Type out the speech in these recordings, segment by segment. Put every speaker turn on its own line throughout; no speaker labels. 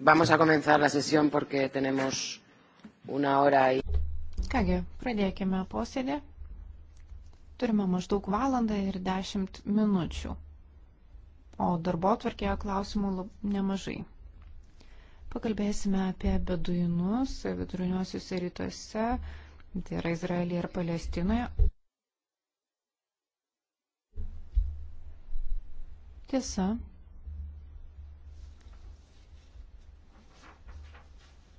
Vamos a comenzar la sesión porque tenemos una hora y...
Kągi, pradėkime posėdį. Turime maždaug valandą ir dešimt minučių, o darbo tvarkėje klausimų nemažai. Pakalbėsime apie beduinus viduriniuosius rytuose, tai yra Izraelyje ir Palestinoje. Tiesa,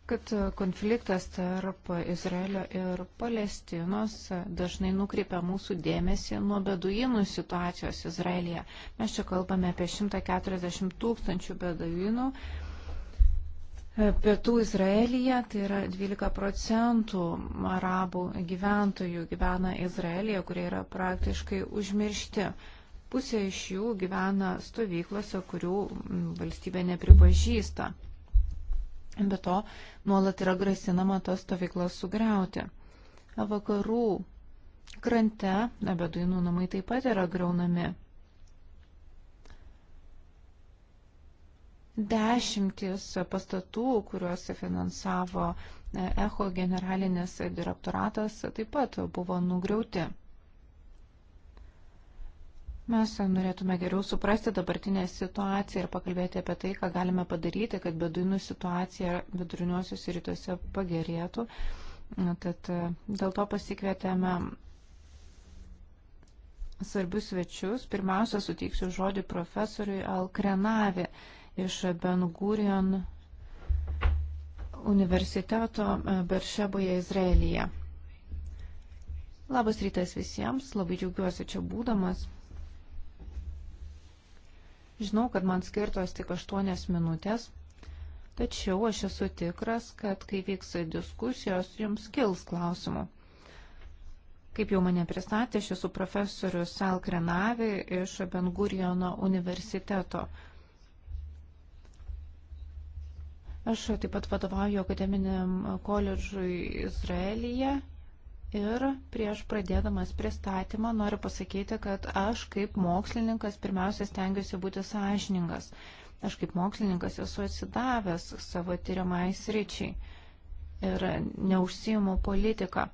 kad konfliktas tarp Izraelio ir Palestinos dažnai nukreipia mūsų dėmesį nuo beduinų situacijos Izraelyje. Mes čia kalbame apie 140 tūkstančių beduinų. Pietų Izraelyje tai yra 12 procentų arabų gyventojų gyvena Izraelyje, kurie yra praktiškai užmiršti. Pusė iš jų gyvena stovyklose, kurių valstybė nepripažįsta. Be to, nuolat yra grasinama tas stovyklas sugriauti. Vakarų krante abeduinų nu namai taip pat yra greunami. Dešimtis pastatų, kuriuos finansavo e, ECHO generalinis direktoratas, taip pat buvo nugriauti. Mes norėtume geriau suprasti dabartinę situaciją ir pakalbėti apie tai, ką galime padaryti, kad beduinų situacija viduriniuosiuose rytuose pagerėtų. Tad e, dėl to pasikvietėme svarbius svečius. Pirmiausia, suteiksiu žodį profesoriui Alkrenavi iš Bengurion universiteto e, Beršeboje, Izraelyje. Labas rytas visiems, labai džiaugiuosi čia būdamas. Žinau, kad man skirtos tik 8 minutės, tačiau aš esu tikras, kad kai vyks diskusijos, jums kils klausimų. Kaip jau mane pristatė, aš esu profesorius Sal Krenavi iš Bengurijono universiteto. Aš taip pat vadovauju akademiniam koledžui Izraelyje Ir prieš pradėdamas pristatymą noriu pasakyti, kad aš kaip mokslininkas pirmiausia stengiuosi būti sąžiningas. Aš kaip mokslininkas esu atsidavęs savo tyriamai sričiai ir neužsijimu politiką.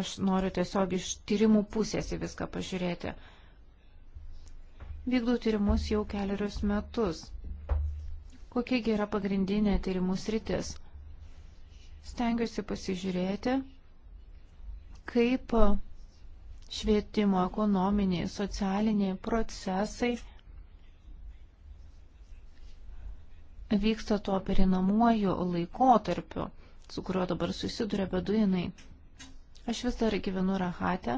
Aš noriu tiesiog iš tyrimų pusės į viską pažiūrėti. Vykdau tyrimus jau keliarius metus. Kokiegi yra pagrindinė tyrimų sritis? stengiuosi pasižiūrėti, kaip švietimo, ekonominiai, socialiniai procesai vyksta tuo perinamuoju laikotarpiu, su kuriuo dabar susiduria beduinai. Aš vis dar gyvenu Rahate.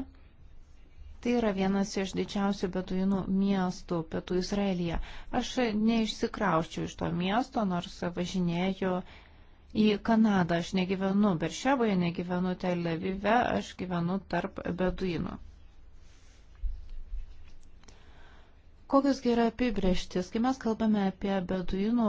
Tai yra vienas iš didžiausių beduinų miestų pietų Izraelyje. Aš neišsikrauščiau iš to miesto, nors važinėjau į Kanadą. Aš negyvenu Beršeboje, negyvenu Tel Avive, aš gyvenu tarp beduinų. Kokios yra apibrieštis? Kai mes kalbame apie beduinų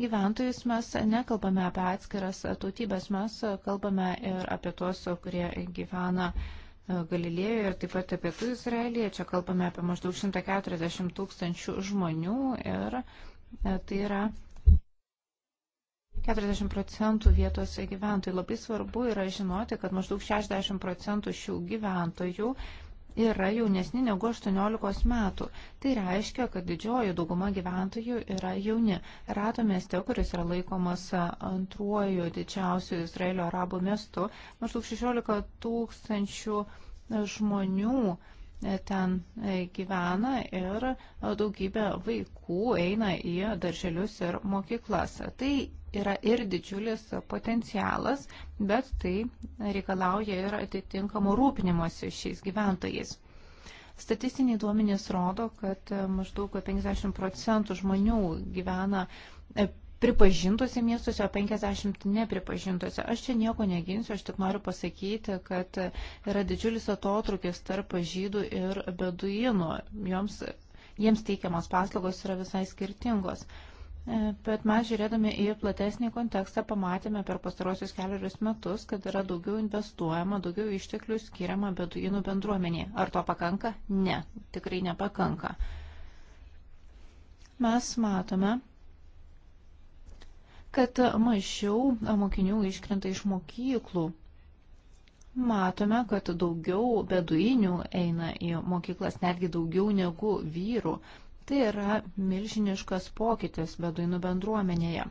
gyventojus, mes nekalbame apie atskiras tautybės, mes kalbame ir apie tuos, kurie gyvena e, Galilėjoje ir taip pat apie tų Izraelyje. Čia kalbame apie maždaug 140 tūkstančių žmonių ir e, tai yra 40 procentų vietos gyventojų. Labai svarbu yra žinoti, kad maždaug 60 procentų šių gyventojų yra jaunesni negu 18 metų. Tai reiškia, kad didžioji dauguma gyventojų yra jauni. Rato mieste, kuris yra laikomas antruoju didžiausiu Izraelio arabų miestu, maždaug 16 tūkstančių žmonių E, ten e, gyvena ir e, daugybė vaikų eina į darželius ir mokyklas. Tai yra ir didžiulis potencialas, bet tai reikalauja ir atitinkamo rūpinimosi šiais gyventojais. Statistiniai duomenys rodo, kad maždaug 50 procentų žmonių gyvena pripažintose miestuose, o 50 nepripažintose. Aš čia nieko neginsiu, aš tik noriu pasakyti, kad yra didžiulis atotrukis tarp žydų ir beduinų. Joms, jiems teikiamas paslaugos yra visai skirtingos. E, bet mes žiūrėdami į platesnį kontekstą pamatėme per pastarosius keliarius metus, kad yra daugiau investuojama, daugiau išteklių skiriama beduinų bendruomeniai. Ar to pakanka? Ne, tikrai nepakanka. Mes matome, kad mažiau mokinių iškrenta iš mokyklų. Matome, kad daugiau beduinių eina į mokyklas, netgi daugiau negu vyrų. Tai yra milžiniškas pokytis beduinų bendruomenėje.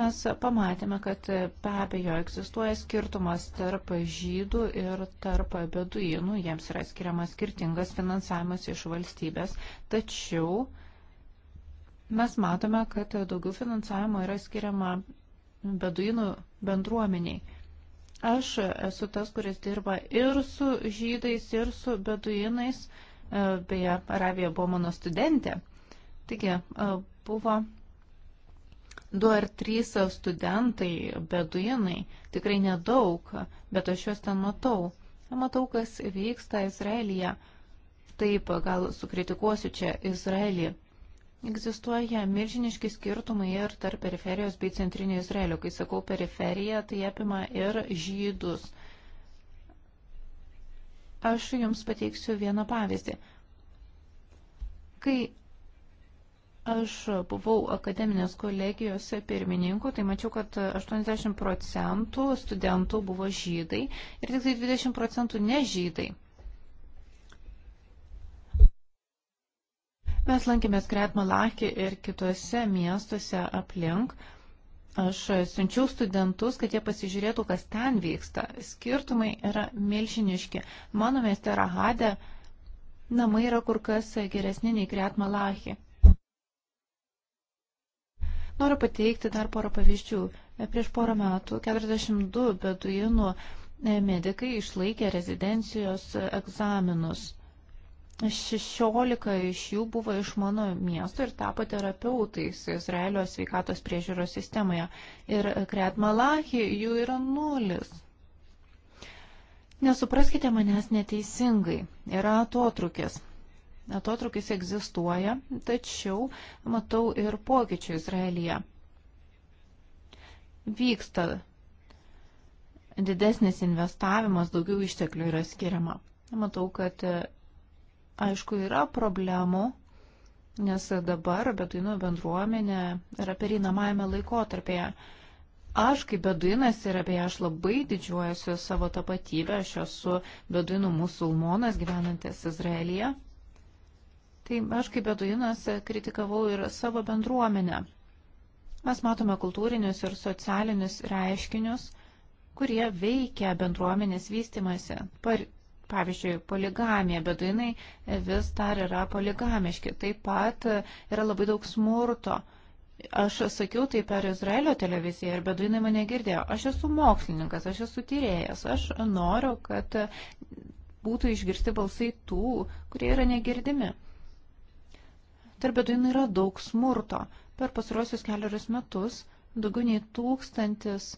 Mes pamatėme, kad be abejo egzistuoja skirtumas tarp žydų ir tarp beduinų, jiems yra skiriamas skirtingas finansavimas iš valstybės, tačiau uh, Mes matome, kad daugiau finansavimo yra skiriama beduinų bendruomeniai. Aš esu tas, kuris dirba ir su žydais, ir su beduinais. Beje, Arabija buvo mano studentė. Taigi, buvo du ar trys studentai, beduinai, tikrai nedaug, bet aš juos ten matau. Matau, kas vyksta Izraelyje. Taip, gal sukritikuosiu čia Izraelį, Egzistuoja milžiniški skirtumai ir tarp periferijos bei centrinio Izraelio. Kai sakau periferija, tai apima ir žydus. Aš jums pateiksiu vieną pavyzdį. Kai aš buvau akademinės kolegijos pirmininku, tai mačiau, kad 80 procentų studentų buvo žydai ir tik tai 20 procentų ne žydai. Mes lankėmės Kretmalaki ir kitose miestuose aplink. Aš siunčiau studentus, kad jie pasižiūrėtų, kas ten vyksta. Skirtumai yra milžiniški. Mano mieste Rahade namai yra kur kas geresni nei Kretmalachi. Noriu pateikti dar porą pavyzdžių. Prieš porą metų 42 beduinų medikai išlaikė rezidencijos egzaminus. 16 iš jų buvo iš mano miesto ir tapo terapeutais Izraelio sveikatos priežiūros sistemoje. Ir Kret Malachi jų yra nulis. Nesupraskite manęs neteisingai. Yra atotrukis. Atotrukis egzistuoja, tačiau matau ir pokyčių Izraelyje. Vyksta didesnis investavimas, daugiau išteklių yra skiriama. Matau, kad Aišku, yra problemų, nes dabar beduinų bendruomenė yra pereinamajame laikotarpėje. Aš kaip beduinas ir apie aš labai didžiuojuosi savo tapatybę, aš esu beduinų musulmonas gyvenantis Izraelyje. Tai aš kaip beduinas kritikavau ir savo bendruomenę. Mes matome kultūrinius ir socialinius reiškinius, kurie veikia bendruomenės vystimasi, pavyzdžiui, poligamija, beduinai vis dar yra poligamiški. Taip pat yra labai daug smurto. Aš sakiau tai per Izraelio televiziją ir beduinai mane girdėjo. Aš esu mokslininkas, aš esu tyrėjas, aš noriu, kad būtų išgirsti balsai tų, kurie yra negirdimi. Tarp beduinų yra daug smurto. Per pasarosius keliarius metus daugiau nei tūkstantis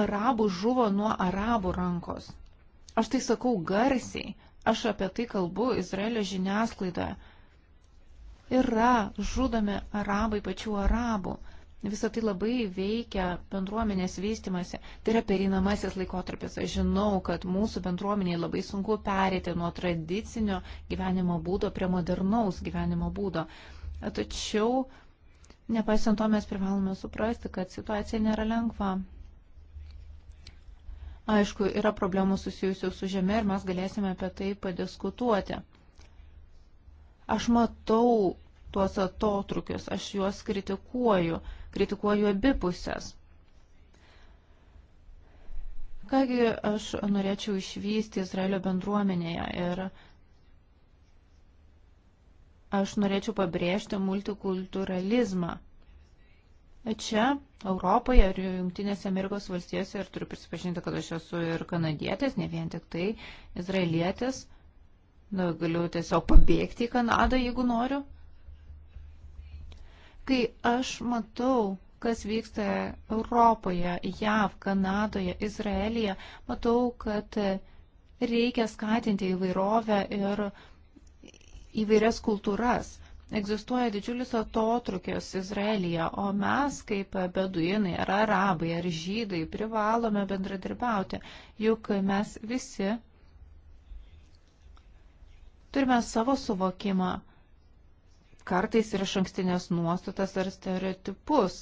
arabų žuvo nuo arabų rankos. Aš tai sakau garsiai, aš apie tai kalbu Izraelio žiniasklaidoje. Yra žudomi arabai pačių arabų. Visą tai labai veikia bendruomenės vystimasi. Tai yra pereinamasis laikotarpis. Aš žinau, kad mūsų bendruomeniai labai sunku perėti nuo tradicinio gyvenimo būdo prie modernaus gyvenimo būdo. Tačiau, nepaisant to, mes privalome suprasti, kad situacija nėra lengva. Aišku, yra problemų susijusių su žemė ir mes galėsime apie tai padiskutuoti. Aš matau tuos atotrukius, aš juos kritikuoju, kritikuoju abipusės. Kągi aš norėčiau išvysti Izraelio bendruomenėje ir aš norėčiau pabrėžti multikulturalizmą čia Europoje ir Junktinėse Amerikos valstijose ir turiu prisipažinti, kad aš esu ir kanadietis, ne vien tik tai izraelietis. Na, galiu tiesiog pabėgti į Kanadą, jeigu noriu. Kai aš matau, kas vyksta Europoje, JAV, Kanadoje, Izraelija, matau, kad reikia skatinti įvairovę ir įvairias kultūras egzistuoja didžiulis atotrukis Izraelyje, o mes kaip beduinai ar arabai ar žydai privalome bendradarbiauti, juk mes visi turime savo suvokimą, kartais ir iš ankstinės nuostatas ar stereotipus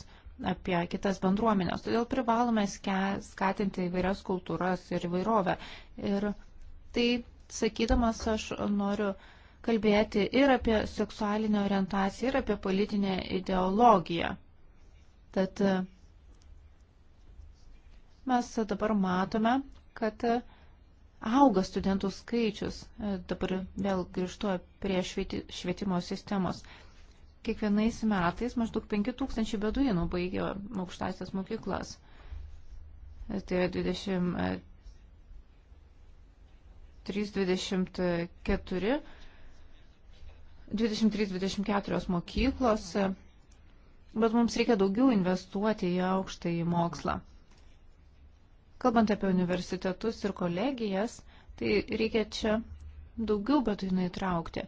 apie kitas bendruomenės. Todėl privalome skatinti įvairias kultūras ir įvairovę. Ir tai sakydamas aš noriu kalbėti ir apie seksualinę orientaciją, ir apie politinę ideologiją. Tad mes dabar matome, kad auga studentų skaičius. Dabar vėl grįžtu prie švietimo sistemos. Kiekvienais metais maždaug 5000 beduinų baigia aukštasias mokyklas. Tai yra 20 3,24 23-24 mokyklos, bet mums reikia daugiau investuoti į aukštąjį mokslą. Kalbant apie universitetus ir kolegijas, tai reikia čia daugiau betuinų įtraukti.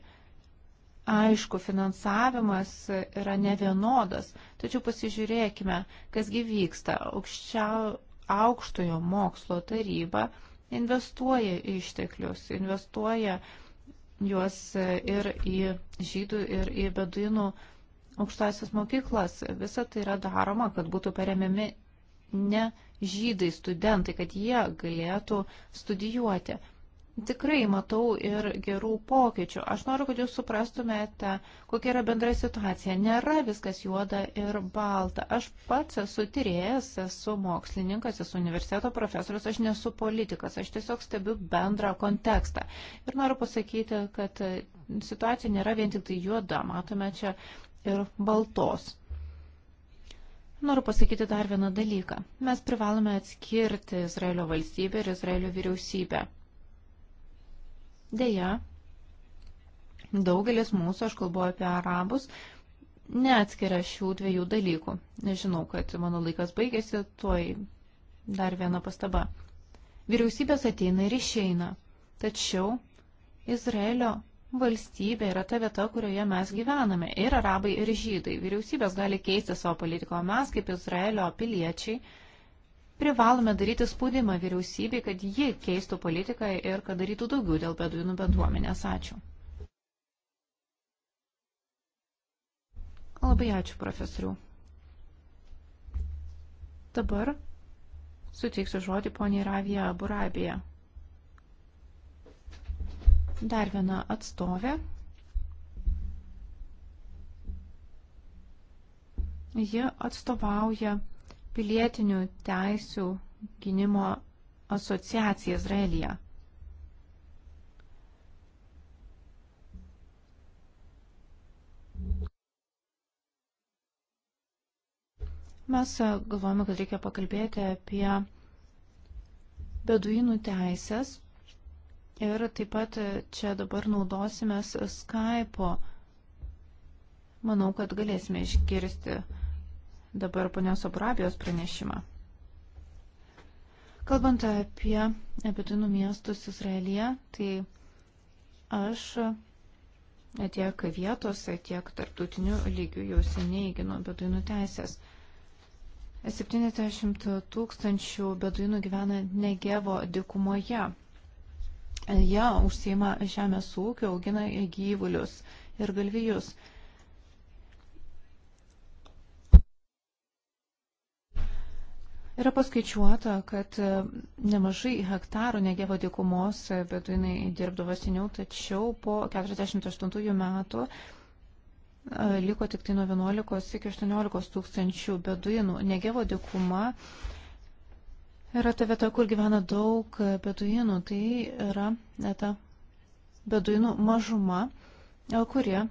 Aišku, finansavimas yra nevienodas, tačiau pasižiūrėkime, kasgi vyksta. Aukščiau, aukštojo mokslo taryba investuoja išteklius, investuoja uh, juos ir į žydų, ir į beduinų aukštasias mokyklas. Visa tai yra daroma, kad būtų paremiami ne žydai studentai, kad jie galėtų studijuoti tikrai matau ir gerų pokyčių. Aš noriu, kad jūs suprastumėte, kokia yra bendra situacija. Nėra viskas juoda ir balta. Aš pats esu tyrėjas, esu mokslininkas, esu universiteto profesorius, aš nesu politikas, aš tiesiog stebiu bendrą kontekstą. Ir noriu pasakyti, kad situacija nėra vien tik tai juoda, matome čia ir baltos. Noriu pasakyti dar vieną dalyką. Mes privalome atskirti Izraelio valstybę ir Izraelio vyriausybę Deja, daugelis mūsų, aš kalbu apie arabus, neatskiria šių dviejų dalykų. Nežinau, kad mano laikas baigėsi, tuoj dar viena pastaba. Vyriausybės ateina ir išeina. Tačiau Izraelio valstybė yra ta vieta, kurioje mes gyvename. Ir arabai, ir žydai. Vyriausybės gali keisti savo politiką, o mes kaip Izraelio piliečiai privalome daryti spaudimą vyriausybei, kad ji keistų politiką ir kad darytų daugiau dėl beduinų bendruomenės. Ačiū. Labai ačiū, profesoriu. Dabar suteiksiu žodį poniai Ravija Burabija. Dar viena atstovė. Ji atstovauja pilietinių teisių gynimo asociacija Izraelija. Mes e, galvojame, kad reikia pakalbėti apie beduinų teisės ir taip pat e, čia dabar naudosimės Skype'o. Manau, kad galėsime išgirsti dabar ponios Obrabijos pranešimą. Kalbant apie pietinų miestus Izraelyje, tai aš tiek vietos, tiek tarptautinių lygių jau seniai ginu beduinų teisės. 70 tūkstančių beduinų gyvena Negevo dikumoje. Jie užsieima žemės ūkio, augina gyvulius ir galvijus. Yra paskaičiuota, kad e, nemažai hektarų negėvo dykumos beduinai dirbdavo seniau, tačiau po 48 metų e, liko tik tai nuo 11 iki 18 tūkstančių beduinų. Negėvo dykuma yra ta vieta, kur gyvena daug e, beduinų. Tai yra ta beduinų mažuma, kurie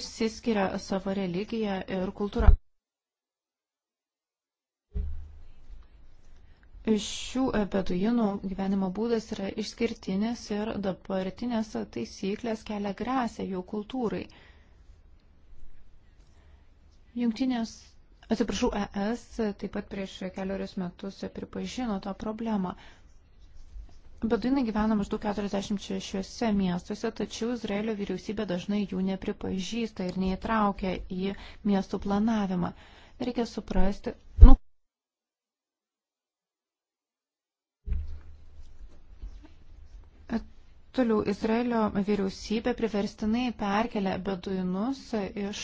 išsiskiria savo religiją ir kultūrą. Šių beduinų gyvenimo būdas yra išskirtinis ir dabartinės taisyklės kelia grėsę jų kultūrai. Jungtinės, atsiprašau, ES taip pat prieš keliarius metus pripažino tą problemą. Beduinai gyvena maždaug 46 miestuose, tačiau Izraelio vyriausybė dažnai jų nepripažįsta ir neįtraukia į miestų planavimą. Reikia suprasti, nu, Toliau Izraelio vyriausybė priverstinai perkelė beduinus iš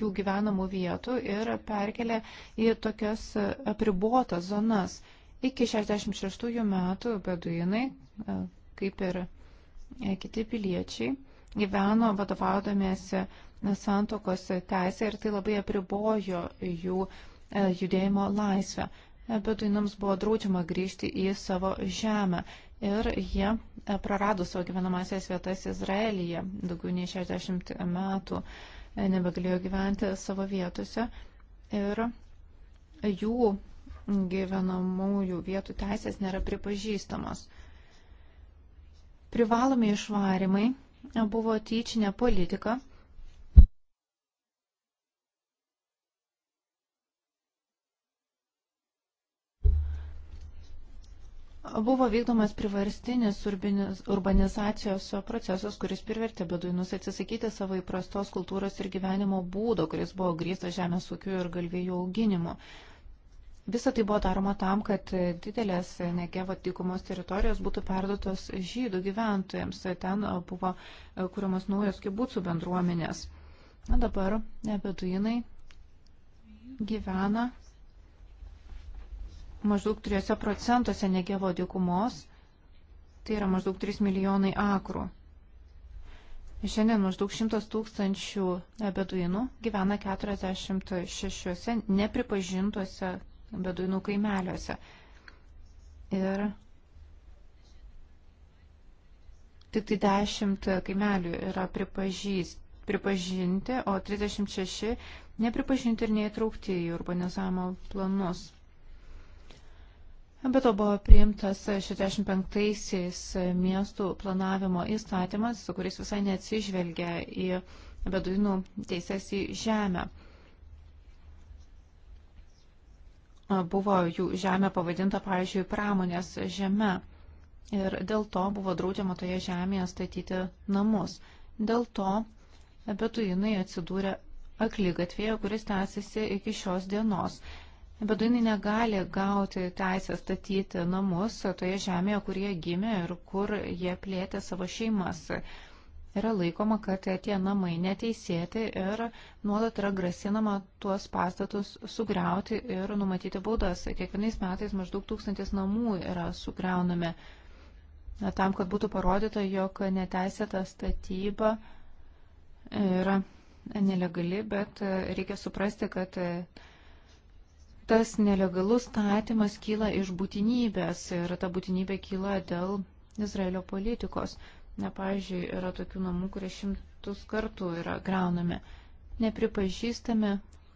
jų gyvenamų vietų ir perkelė į tokias apribotas zonas. Iki 66 metų beduinai, e, kaip ir e, kiti piliečiai, gyveno vadovaudomėsi santokos teisė ir tai labai apribojo jų e, judėjimo laisvę. Beduinams buvo draudžiama grįžti į savo žemę ir jie e, prarado savo gyvenamasias vietas Izraelyje daugiau nei 60 metų, e, nebegalėjo gyventi savo vietose ir jų gyvenamųjų vietų teisės nėra pripažįstamos. Privalomi išvarimai buvo tyčinė politika buvo vykdomas priverstinis urbanizacijos procesas, kuris privertė beduinus atsisakyti savo įprastos kultūros ir gyvenimo būdo, kuris buvo grįstas žemės ūkiu ir galvėjų auginimu. Visą tai buvo daroma tam, kad didelės Negevo dykumos teritorijos būtų perduotos žydų gyventojams. Ten buvo kuriamas naujos kibucų bendruomenės. Na dabar beduinai gyvena maždaug 3 procentuose negevo dykumos, tai yra maždaug 3 milijonai akrų. Šiandien maždaug 100 tūkstančių beduinų gyvena 46 nepripažintuose beduinų kaimeliuose. Ir tik tai 10 kaimelių yra pripažįst, pripažinti, o 36 nepripažinti ir neįtraukti į urbanizavimo planus. Be to buvo priimtas 65-aisiais miestų planavimo įstatymas, su kuris visai neatsižvelgia į beduinų teises į žemę. Buvo jų žemė pavadinta, pavyzdžiui, pramonės žemė. Ir dėl to buvo draudžiama toje žemėje statyti namus. Dėl to beduinai atsidūrė aklygatvėje, kuris tęsiasi iki šios dienos. Beduinai negali gauti teisę statyti namus toje žemėje, kur jie gimė ir kur jie plėtė savo šeimas. Yra laikoma, kad tie namai neteisėti ir nuolat yra grasinama tuos pastatus sugriauti ir numatyti baudas. Kiekvienais metais maždaug tūkstantis namų yra sugriaunami tam, kad būtų parodyta, jog neteisėta statyba yra nelegali, bet reikia suprasti, kad tas nelegalus statymas kyla iš būtinybės ir ta būtinybė kyla dėl Izraelio politikos. Na, pavyzdžiui, yra tokių namų, kurie šimtus kartų yra graunami. Nepripažįstame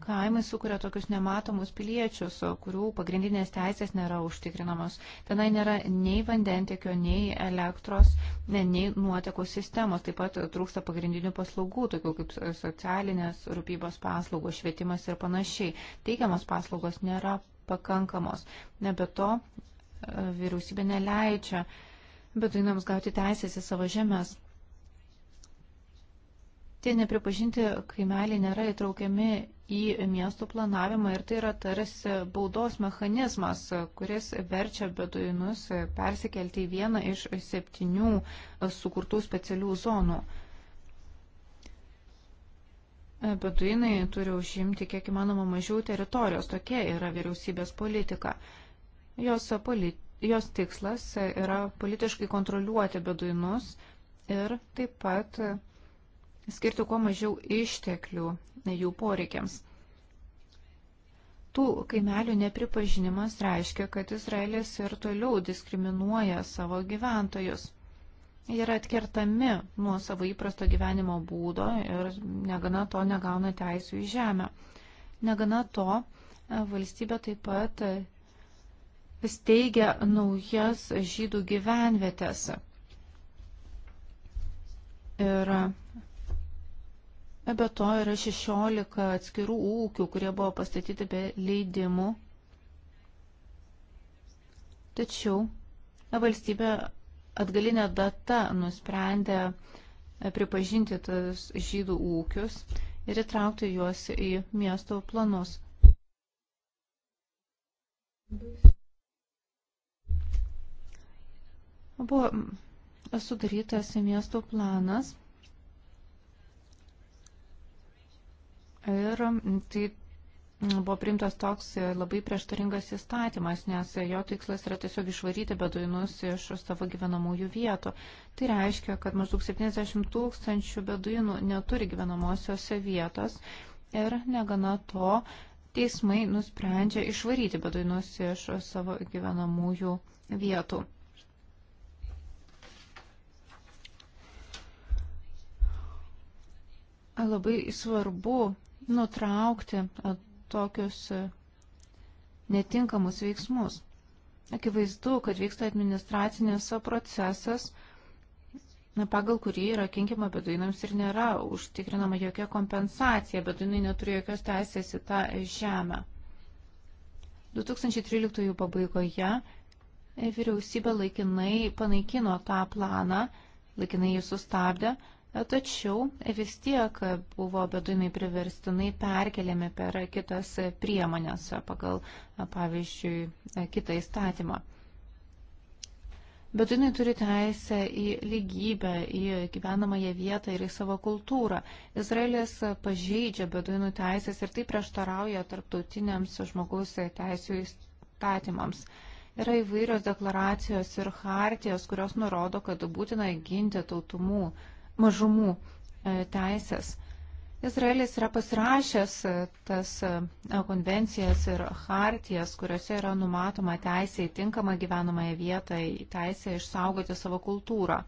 Kaimai sukuria tokius nematomus piliečius, kurių pagrindinės teisės nėra užtikrinamos. Tenai nėra nei vandentiekio, nei elektros, nei nuotekų sistemos. Taip pat trūksta pagrindinių paslaugų, tokių kaip socialinės rūpybos paslaugos, švietimas ir panašiai. Teikiamos paslaugos nėra pakankamos. Ne be to, e, vyriausybė neleidžia beduinams gauti teisės į savo žemės tie nepripažinti kaimeliai nėra įtraukiami į miestų planavimą ir tai yra tarsi baudos mechanizmas, kuris verčia beduinus persikelti į vieną iš septynių sukurtų specialių zonų. Beduinai turi užimti kiek įmanoma mažiau teritorijos, tokia yra vyriausybės politika. Jos, politi jos tikslas yra politiškai kontroliuoti beduinus ir taip pat skirti kuo mažiau išteklių jų poreikiams. Tų kaimelių nepripažinimas reiškia, kad Izraelis ir toliau diskriminuoja savo gyventojus. Jie yra atkertami nuo savo įprasto gyvenimo būdo ir negana to negauna teisų į žemę. Negana to, e, valstybė taip pat e, steigia naujas žydų gyvenvietės. Ir Be to yra 16 atskirų ūkių, kurie buvo pastatyti be leidimų. Tačiau valstybė atgalinė data nusprendė e, pripažinti tas žydų ūkius ir įtraukti juos į miesto planus. Buvo sudarytas miesto planas Ir mm, tai mm, buvo primtas toks labai prieštaringas įstatymas, nes jo tikslas yra tiesiog išvaryti beduinus iš savo gyvenamųjų vietų. Tai reiškia, kad maždaug 70 tūkstančių beduinų neturi gyvenamosiose vietos ir negana to teismai nusprendžia išvaryti beduinus iš savo gyvenamųjų vietų. Labai svarbu nutraukti tokius netinkamus veiksmus. Akivaizdu, kad vyksta administracinės procesas, pagal kurį yra kinkima beduinams ir nėra užtikrinama jokia kompensacija, beduinai neturi jokios teisės į tą žemę. 2013 pabaigoje e, vyriausybė laikinai panaikino tą planą, laikinai jį sustabdė, tačiau vis tiek buvo beduinai priverstinai perkeliami per kitas priemonės pagal, pavyzdžiui, kitą įstatymą. Bet jinai turi teisę į lygybę, į gyvenamąją vietą ir į savo kultūrą. Izraelis pažeidžia beduinų teisės ir tai prieštarauja tarptautiniams žmogaus teisų įstatymams. Yra įvairios deklaracijos ir hartijos, kurios nurodo, kad būtina ginti tautumų mažumų e, teisės. Izraelis yra pasirašęs e, tas e, konvencijas ir hartijas, kuriuose yra numatoma teisė į tinkamą gyvenamąją vietą, į teisę išsaugoti savo kultūrą.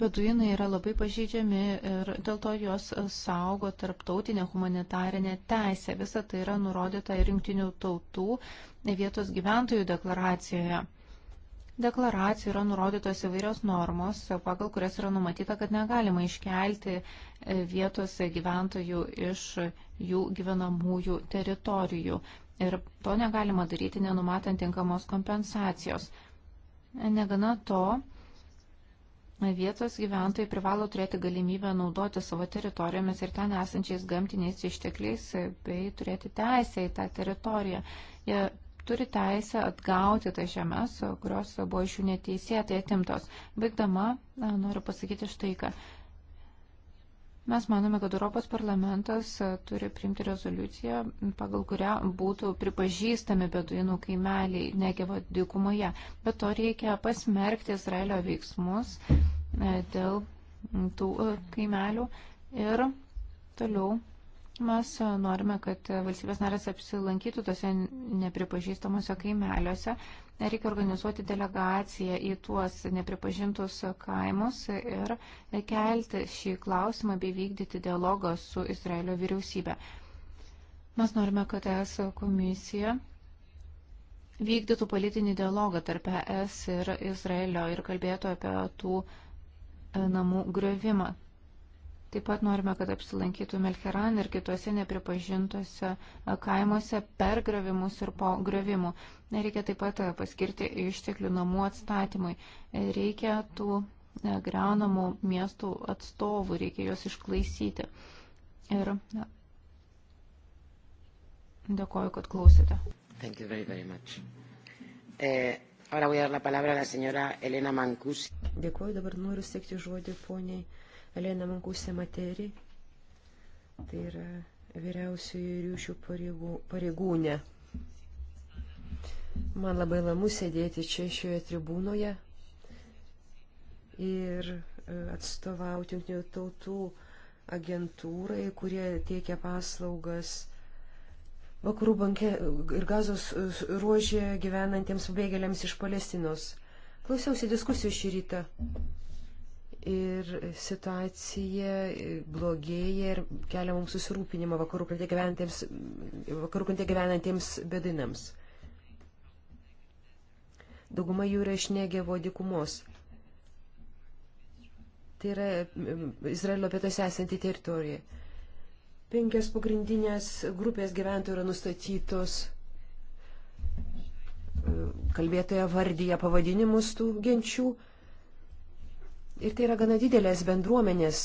Beduinai yra labai pažydžiami ir dėl to juos saugo tarptautinė humanitarinė teisė. Visa tai yra nurodyta ir jungtinių tautų vietos gyventojų deklaracijoje deklaracijų yra nurodytos įvairios normos, pagal kurias yra numatyta, kad negalima iškelti e, vietos gyventojų iš jų gyvenamųjų teritorijų. Ir to negalima daryti, nenumatant tinkamos kompensacijos. Negana to, vietos gyventojai privalo turėti galimybę naudoti savo teritorijomis ir ten esančiais gamtiniais ištekliais e, bei turėti teisę į tą teritoriją. Jie turi teisę atgauti tas žemės, kurios buvo iš jų neteisėtai atimtos. Baigdama, noriu pasakyti štai ką. Mes manome, kad Europos parlamentas turi priimti rezoliuciją, pagal kurią būtų pripažįstami beduinų kaimeliai negeva dykumoje. Bet to reikia pasmerkti Izraelio veiksmus e, dėl tų e, kaimelių ir toliau Mes e, norime, kad e, valstybės narės apsilankytų tose nepripažįstamuose kaimeliuose. Reikia organizuoti delegaciją į tuos nepripažintus kaimus ir kelti šį klausimą bei vykdyti dialogą su Izraelio vyriausybė. Mes norime, kad ES komisija vykdytų politinį dialogą tarp ES ir Izraelio ir kalbėtų apie tų e, namų griovimą. Taip pat norime, kad apsilankytų Melcheran ir kitose nepripažintose e, kaimuose per gravimus ir po gravimų. Reikia taip pat e, paskirti išteklių namų atstatymui. E, reikia tų greunamų miestų atstovų, reikia juos išklausyti. Ir ja. dėkoju, kad klausėte.
Thank you very, very much. Eh, ahora voy a dar la palabra a la señora Elena Mancusi.
Dėkoju, dabar noriu sėkti žodį poniai. Elena Mankūsė Materi, tai yra vyriausioji ryšių pareigū, pareigūnė. Man labai lamu sėdėti čia šioje tribūnoje ir e, atstovauti jungtinių tautų agentūrai, kurie teikia paslaugas vakarų banke ir gazos e, ruožė gyvenantiems pabėgėliams iš Palestinos. Klausiausi diskusijų šį rytą ir situacija blogėja ir kelia mums susirūpinimą vakarų krantė gyvenantiems, vakarų krantė gyvenantiems bedinams. Dauguma jų yra iš Negevo dikumos. Tai yra Izraelio pietuose esanti teritorija. Penkios pagrindinės grupės gyventojų yra nustatytos. E, Kalbėtoje vardyje pavadinimus tų genčių Ir tai yra gana didelės bendruomenės,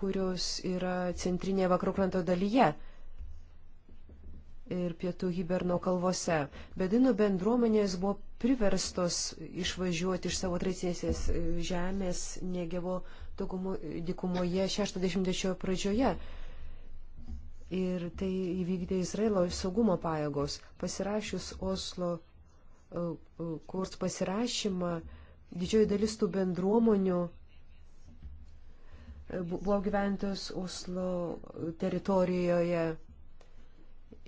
kurios yra centrinėje vakarų kranto dalyje ir pietų Hiberno kalvose. Bedinų bendruomenės buvo priverstos išvažiuoti iš savo tradicinės e, žemės Negevo dykumoje 60-mečio pradžioje. Ir tai įvykdė Izraelo saugumo pajėgos. Pasirašius Oslo e, e, kurs pasirašymą, Didžioji dalis tų bendruomonių e, buvo gyventos Oslo teritorijoje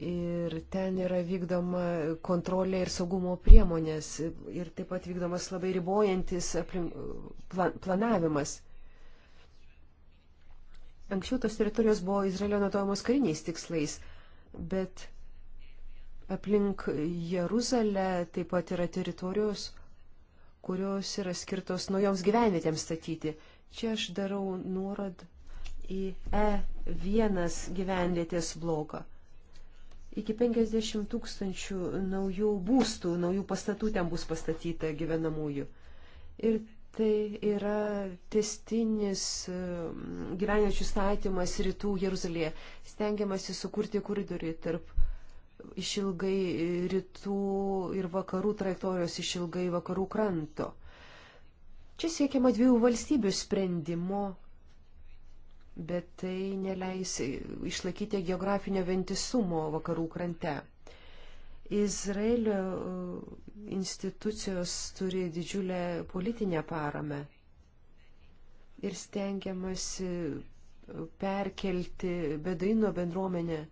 ir ten yra vykdoma kontrolė ir saugumo priemonės ir taip pat vykdomas labai ribojantis aplink, plan, planavimas. Anksčiau tos teritorijos buvo Izraelio naudojamos kariniais tikslais, bet aplink Jeruzalę taip pat yra teritorijos, kurios yra skirtos naujoms gyvenvietėms statyti. Čia aš darau nuorod į E1 gyvenvietės blogą. Iki 50 tūkstančių naujų būstų, naujų pastatų ten bus pastatyta gyvenamųjų. Ir tai yra testinis um, gyvenviečių statymas rytų Jeruzalėje. Stengiamasi sukurti koridorį tarp išilgai rytų ir vakarų trajektorijos, išilgai vakarų kranto. Čia siekiama dviejų valstybių sprendimo, bet tai neleis išlaikyti geografinio ventisumo vakarų krante. Izraelio uh, institucijos turi didžiulę politinę paramą ir stengiamasi perkelti bedaino bendruomenę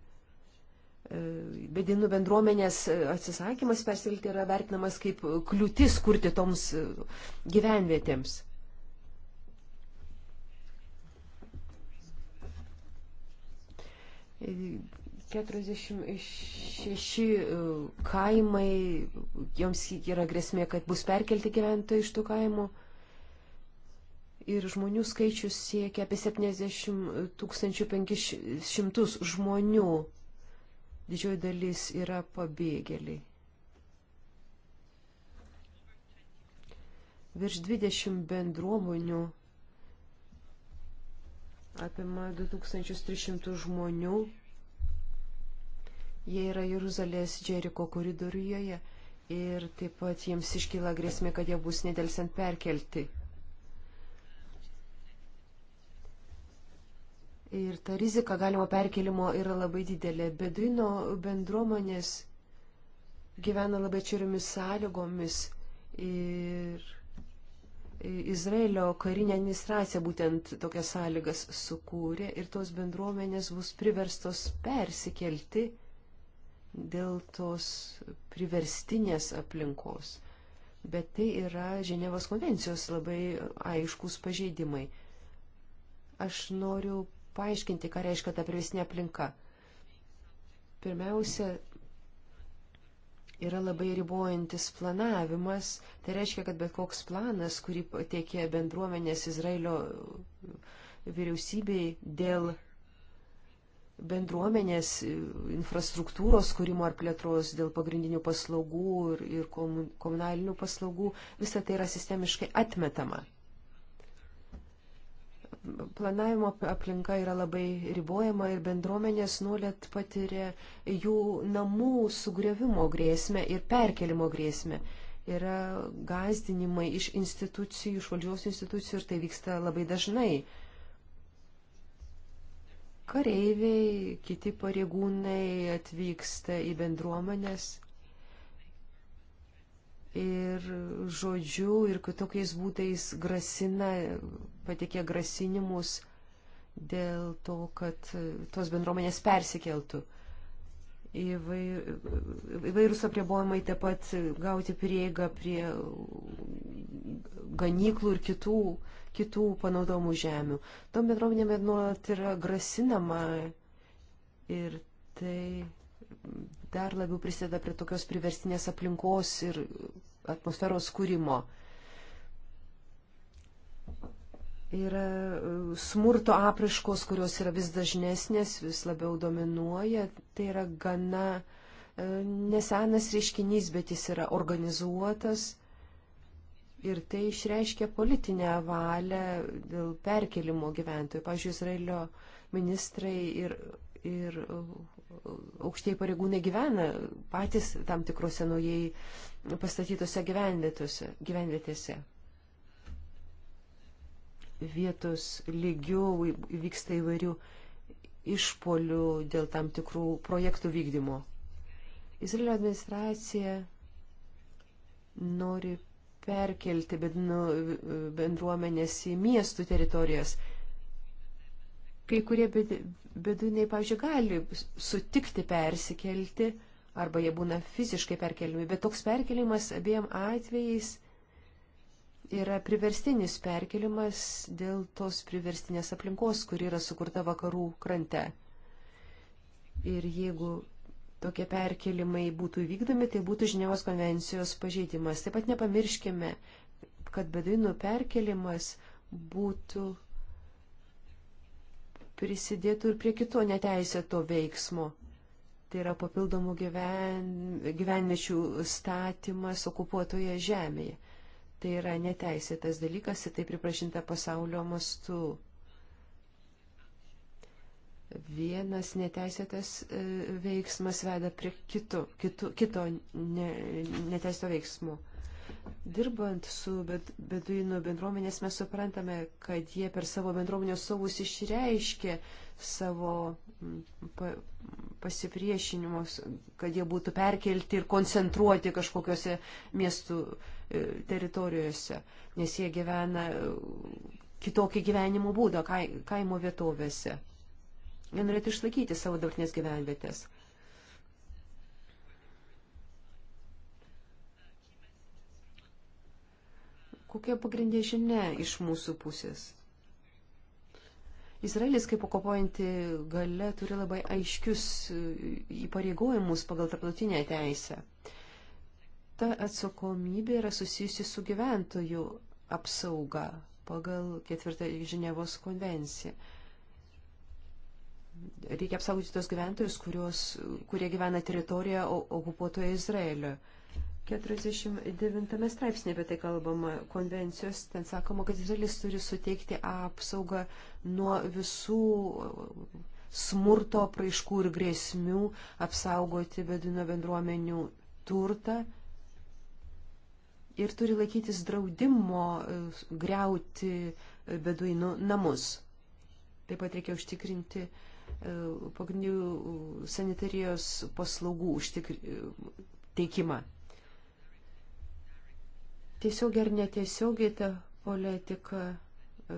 Bedinų e, bendruomenės e, atsisakymas persilti yra vertinamas kaip kliūtis kurti toms e, gyvenvietėms. Ir 46 kaimai, joms yra grėsmė, kad bus perkelti gyventojai iš tų kaimų. Ir žmonių skaičius siekia apie 70 500 žmonių didžioji dalis yra pabėgėliai. Virš 20 bendruomonių apima 2300 žmonių. Jie yra Jeruzalės Džeriko koridoriuje ir taip pat jiems iškyla grėsmė, kad jie bus nedelsiant perkelti. Ir ta rizika galimo perkelimo yra labai didelė. Beduino bendruomenės gyvena labai čiuriomis sąlygomis ir Izraelio karinė administracija būtent tokias sąlygas sukūrė ir tos bendruomenės bus priverstos persikelti dėl tos priverstinės aplinkos. Bet tai yra Ženevos konvencijos labai aiškus pažeidimai. Aš noriu paaiškinti, ką reiškia ta privesinė aplinka. Pirmiausia, yra labai ribojantis planavimas. Tai reiškia, kad bet koks planas, kurį pateikė bendruomenės Izraelio vyriausybei dėl bendruomenės infrastruktūros kūrimo ar plėtros, dėl pagrindinių paslaugų ir, ir komunalinių paslaugų, visa tai yra sistemiškai atmetama planavimo aplinka yra labai ribojama ir bendruomenės nuolat patiria jų namų sugriavimo grėsmę ir perkelimo grėsmę. Yra gazdinimai iš institucijų, iš valdžios institucijų ir tai vyksta labai dažnai. Kareiviai, kiti pareigūnai atvyksta į bendruomenės ir žodžiu, ir kitokiais būtais grasina, patikė grasinimus dėl to, kad tos bendruomenės persikeltų. Įvairūs apribojimai taip pat gauti prieigą prie ganyklų ir kitų, kitų panaudomų žemių. Tom bendruomenėm nuolat yra grasinama ir tai dar labiau prisideda prie tokios priversinės aplinkos ir atmosferos kūrimo. Yra e, smurto apriškos, kurios yra vis dažnesnės, vis labiau dominuoja. Tai yra gana e, nesenas reiškinys, bet jis yra organizuotas. Ir tai išreiškia politinę valią dėl perkelimo gyventojų. Pavyzdžiui, Izraelio ministrai ir ir e, aukštieji pareigūnai gyvena patys tam tikrose naujai pastatytose gyvenvietėse. Vietos lygių vyksta įvairių išpolių dėl tam tikrų projektų vykdymo. Izraelio administracija nori perkelti bendruomenės į miestų teritorijas. Kai kurie beduinai, pavyzdžiui, gali sutikti persikelti arba jie būna fiziškai perkeliami, bet toks perkelimas abiem atvejais yra priverstinis perkelimas dėl tos priverstinės aplinkos, kuri yra sukurta vakarų krante. Ir jeigu tokie perkelimai būtų vykdomi, tai būtų Ženevos konvencijos pažeidimas. Taip pat nepamirškime, kad beduinų perkelimas būtų prisidėtų ir prie kito neteisėto veiksmo. Tai yra papildomų gyven, gyvenmečių statymas okupuotoje žemėje. Tai yra neteisėtas dalykas ir tai pripažinta pasaulio mastu vienas neteisėtas e, veiksmas veda prie kito, kito, kito ne, neteisėto veiksmo. Dirbant su beduinų bendruomenės mes suprantame, kad jie per savo bendruomenės savus išreiškė savo pasipriešinimus, kad jie būtų perkelti ir koncentruoti kažkokiuose miestų e, teritorijose, nes jie gyvena e, kitokį gyvenimo būdą kaimo vietovėse. Jie norėtų išlaikyti savo dabartinės gyvenvietės. Kokia pagrindė žinia iš mūsų pusės? Izraelis kaip okupuojanti gale turi labai aiškius e, įpareigojimus pagal tarptautinę teisę. Ta atsakomybė yra susijusi su gyventojų apsauga pagal ketvirtą Ženevos konvenciją. Reikia apsaugoti tos gyventojus, kurios, kurie gyvena teritorijoje okupuotoje Izraelio. 49 straipsnė apie tai kalbama konvencijos, ten sakoma, kad Izraelis turi suteikti apsaugą nuo visų smurto praiškų ir grėsmių, apsaugoti bedino bendruomenių turtą ir turi laikytis draudimo greuti beduinų namus. Taip pat reikia užtikrinti e, pagrindinių sanitarijos paslaugų užtikri... teikimą tiesiog ar netiesiogiai ta politika e,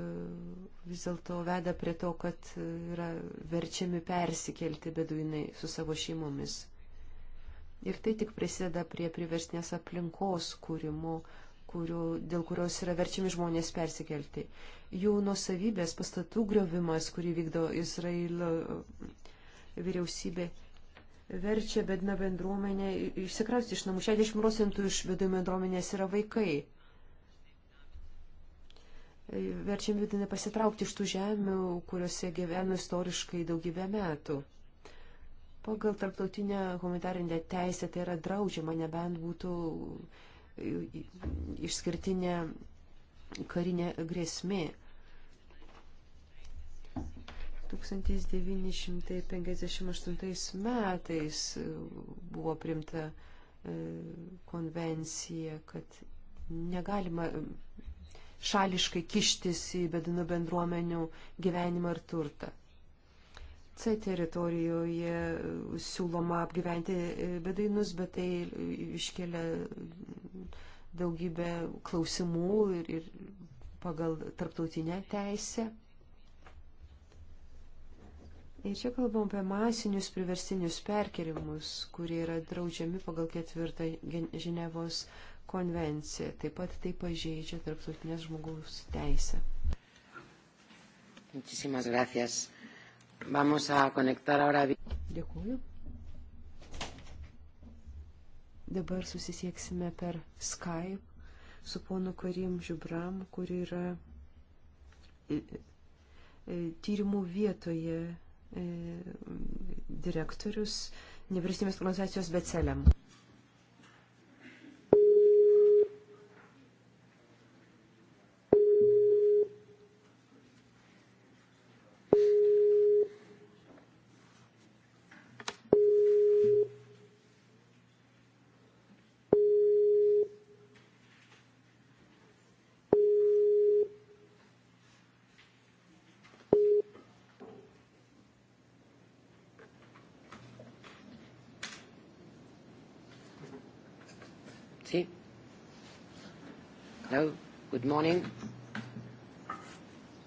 vis dėlto veda prie to, kad yra verčiami persikelti beduinai su savo šeimomis. Ir tai tik prisideda prie priversnės aplinkos kūrimo, kurių, dėl kurios yra verčiami žmonės persikelti. Jų nusavybės pastatų griovimas, kurį vykdo Izraelio e, vyriausybė, verčia bedna bendruomenė išsikrausti iš namų. 60 procentų iš vidų bendruomenės yra vaikai. E, verčiam vidinę pasitraukti iš tų žemių, kuriuose gyveno istoriškai daugybę metų. Pagal tarptautinę humanitarinę teisę tai yra draudžiama, nebent būtų e, išskirtinė karinė grėsmė. 1958 metais e, buvo primta e, konvencija, kad negalima e, šališkai kištis į bedinų bendruomenių gyvenimą ir turtą. C teritorijoje siūloma apgyventi bedainus, bet tai iškelia daugybę klausimų ir, ir pagal tarptautinę teisę. Ir čia kalbam apie masinius priversinius perkelimus, kurie yra draudžiami pagal ketvirtą Ženevos konvenciją. Taip pat tai pažeidžia tarptautinės žmogaus teisę.
Muchísimas gracias. Vamos a conectar ahora. Dėkuoju.
Dabar susisieksime per Skype su ponu Karim Žibram, kur yra e, e, e, tyrimų vietoje E, direktorius nevyriausybės organizacijos Becelem.
Good morning.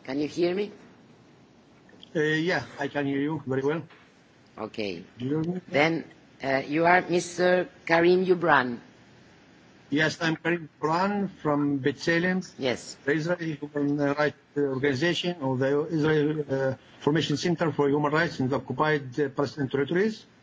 Can you hear me? Uh, yeah, I can hear you very well. Okay. Do you hear me? Then uh, you are Mr. Karim Yubran.
Yes, I'm Karim Yubran from B'Tselem. Yes. The Israeli Human Rights Organization or the Israel uh, Information Center for Human Rights in the occupied uh, Palestinian territories. Uh,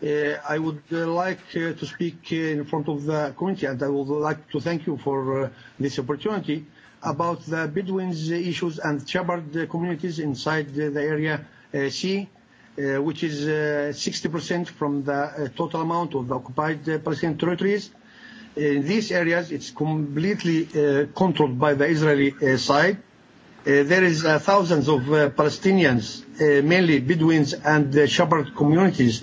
Uh, I would uh, like uh, to speak uh, in front of the committee, and I would like to thank you for uh, this opportunity about the Bedouins issues and Shepherd communities inside the Area uh, C, which is 60% from the total amount of the occupied Palestinian territories. In these areas, it's completely controlled by the Israeli side. There is thousands of Palestinians, mainly Bedouins and Shepherd communities,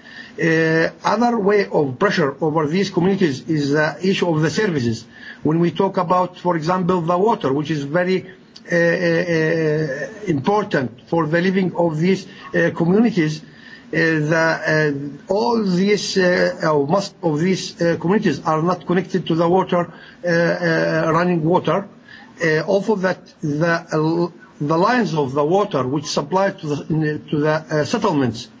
Uh, other way of pressure over these communities is the issue of the services. When we talk about, for example, the water, which is very uh, uh, uh important for the living of these uh, communities, uh, the, uh, all these, uh, or uh, most of these uh, communities are not connected to the water, uh, uh, running water. Uh, also that the, uh, the lines of the water which supply to the, to the uh, settlements uh,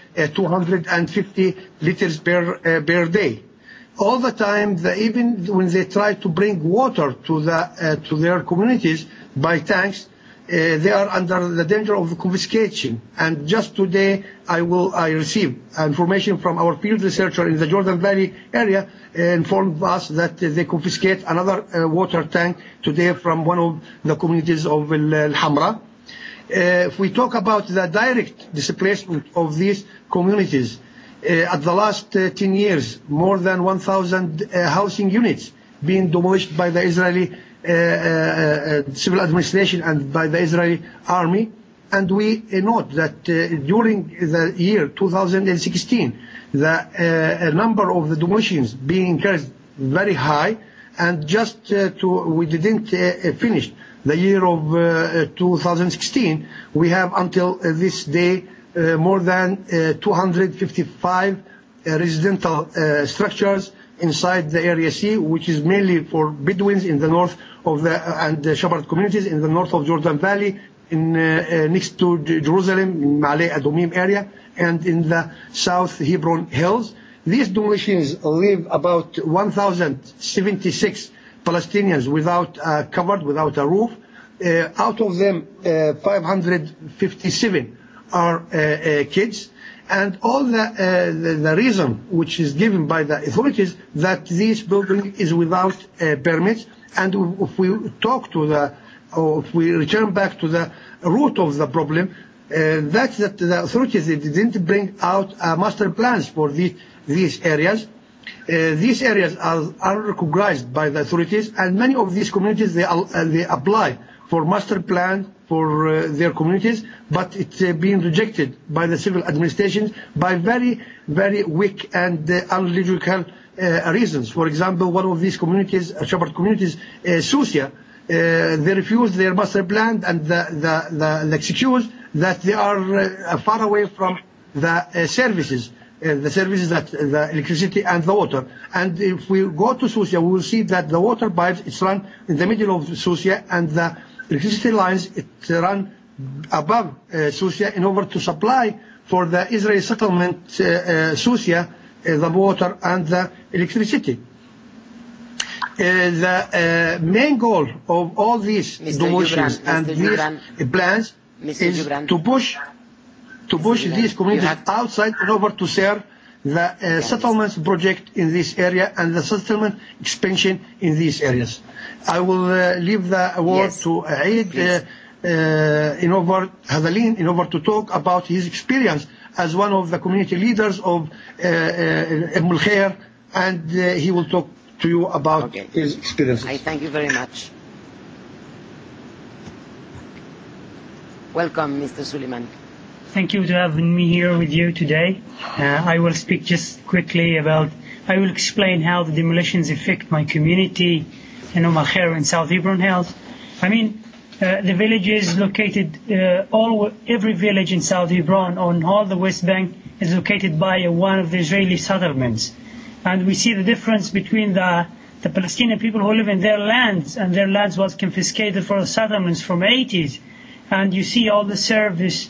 uh, 250 liters per, uh, per day. All the time, the, even when they try to bring water to, the, uh, to their communities by tanks, uh, they are under the danger of confiscation. And just today, I will I received information from our field researcher in the Jordan Valley area uh, informed us that uh, they confiscate another uh, water tank today from one of the communities of Al Hamra. Uh, if we talk about the direct displacement of these communities, uh, at the last 10 uh, years, more than 1,000 housing units being demolished by the Israeli civil administration and by the Israeli army. And we note that during the year 2016, the number of the demolitions being carried very high, and just to... We didn't finish the year of uh, 2016, we have until uh, this day uh, more than uh, 255 uh, residential uh, structures inside the area C, which is mainly for Bedouins in the north of the uh, and the Shepherd communities in the north of Jordan Valley, in uh, uh, next to J- Jerusalem, in Malay Adumim area, and in the south Hebron Hills. These Domitians live about 1,076 Palestinians without uh, covered, without a roof. Uh, out of them, uh, 557 are uh, uh, kids. And all the, uh, the, the reason which is given by the authorities that this building is without uh, permits. And if we talk to the, or if we return back to the root of the problem, uh, that's that the authorities didn't bring out uh, master plans for these, these areas Uh, these areas are, are recognized by the authorities, and many of these communities they, uh, they apply for master plan for uh, their communities, but it's uh, being rejected by the civil administrations by very, very weak and uh, unlogical uh, reasons. For example, one of these communities, uh, shepherd communities, uh, Susia, uh, they refused their master plan, and the, the, the, the excuse that they are uh, far away from the uh, services uh, the services that the electricity and the water. And if we go to Susia, we will see that the water pipes it's run in the middle of Susia, and the electricity lines it run above uh, Susia in order to supply for the Israeli settlement uh, uh, Susia uh, the water and the electricity. Uh, the uh, main goal of all these Mr. demotions Gibran, and Mr. these Gibran, plans Mr. is Gibran. to push to push these communities outside and over to serve the uh, settlements project in this area and the settlement expansion in these areas. I will uh, leave the award yes. to Aid uh, uh, in over Hadalin in over to talk about his experience as one of the community leaders of uh, uh, Ibn umm Khair and uh, he will talk to you about okay. his experiences. I thank you very much.
Welcome, Mr. Suleiman.
Thank you to having me here with you today. Uh, I will speak just quickly about, I will explain how the demolitions affect my community in Umm al-Khair in South Hebron Hills. I mean, uh, the village is located, uh, all, every village in South Hebron on all the West Bank is located by uh, one of the Israeli settlements. And we see the difference between the, the Palestinian people who live in their lands, and their lands was confiscated for the settlements from 80s. And you see all the service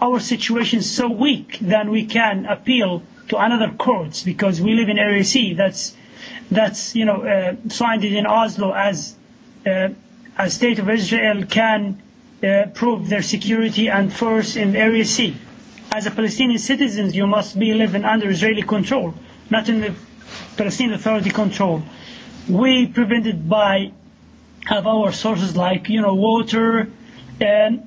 our situation is so weak then we can appeal to another courts because we live in area C that's that's you know uh, signed in Oslo as uh, a state of Israel can uh, prove their security and force in area C as a Palestinian citizens you must be living under Israeli control not in the Palestinian Authority control we prevented by have our sources like you know water and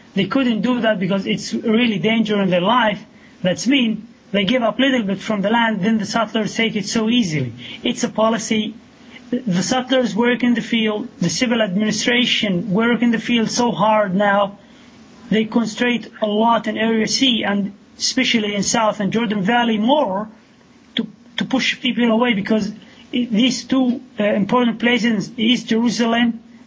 They couldn't do that because it's really danger in their life. That's mean they give up a little bit from the land, then the settlers take it so easily. It's a policy. The settlers work in the field, the civil administration work in the field so hard now. They concentrate a lot in Area C and especially in South and Jordan Valley more to, to push people away because these two uh, important places, East Jerusalem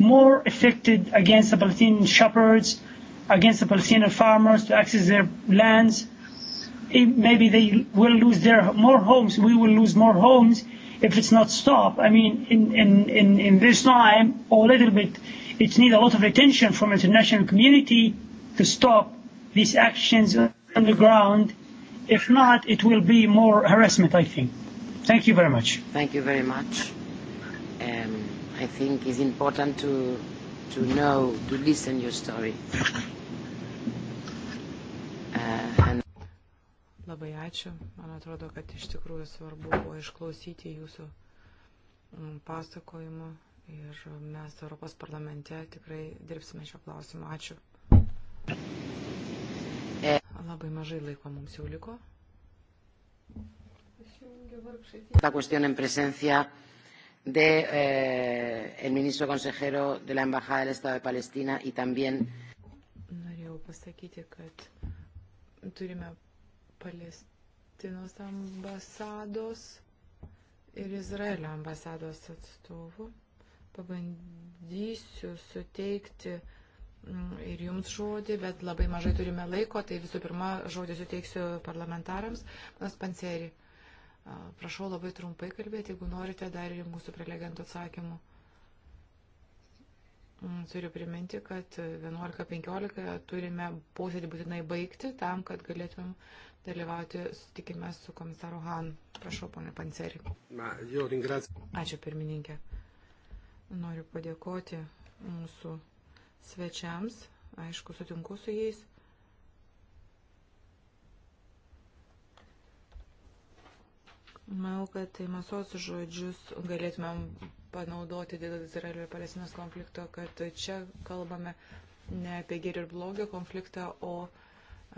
more effective against the Palestinian shepherds, against the Palestinian farmers to access their lands. It, maybe they will lose their more homes. We will lose more homes if it's not stopped. I mean, in, in, in, in this time, or a little bit, it needs a lot of attention from international community to stop these actions on the ground. If not, it will be more harassment, I think. Thank you very much.
Thank you very much. Um, I think it's important to, to know, to listen your story. Uh, and...
Labai ačiū. Man atrodo, kad iš tikrųjų svarbu buvo išklausyti jūsų mm, pasakojimą ir mes Europos parlamente tikrai dirbsime šio klausimu. Ačiū. Uh, Labai mažai laiko mums jau liko.
La cuestión en presencia del de, eh, el ministro consejero de la Embajada del Estado de Palestina y también.
Norėjau pasakyti, kad turime Palestinos ambasados ir Izraelio ambasados atstovų. Pabandysiu suteikti mm, ir jums žodį, bet labai mažai turime laiko, tai visų pirma žodį suteiksiu parlamentarams. Panseri. Prašau labai trumpai kalbėti, jeigu norite dar ir mūsų prelegentų atsakymų. Mm, turiu priminti, kad 11.15 turime posėdį būtinai baigti tam, kad galėtumėm dalyvauti sutikime su komisaru Han. Prašau, ponė Panceri. Ačiū pirmininkė. Noriu padėkoti mūsų svečiams. Aišku, sutinku su jais. Manau, kad tai masos žodžius galėtumėm panaudoti dėl Izraelio ir Palestinos konflikto, kad čia kalbame ne apie gėrį ir blogio konfliktą, o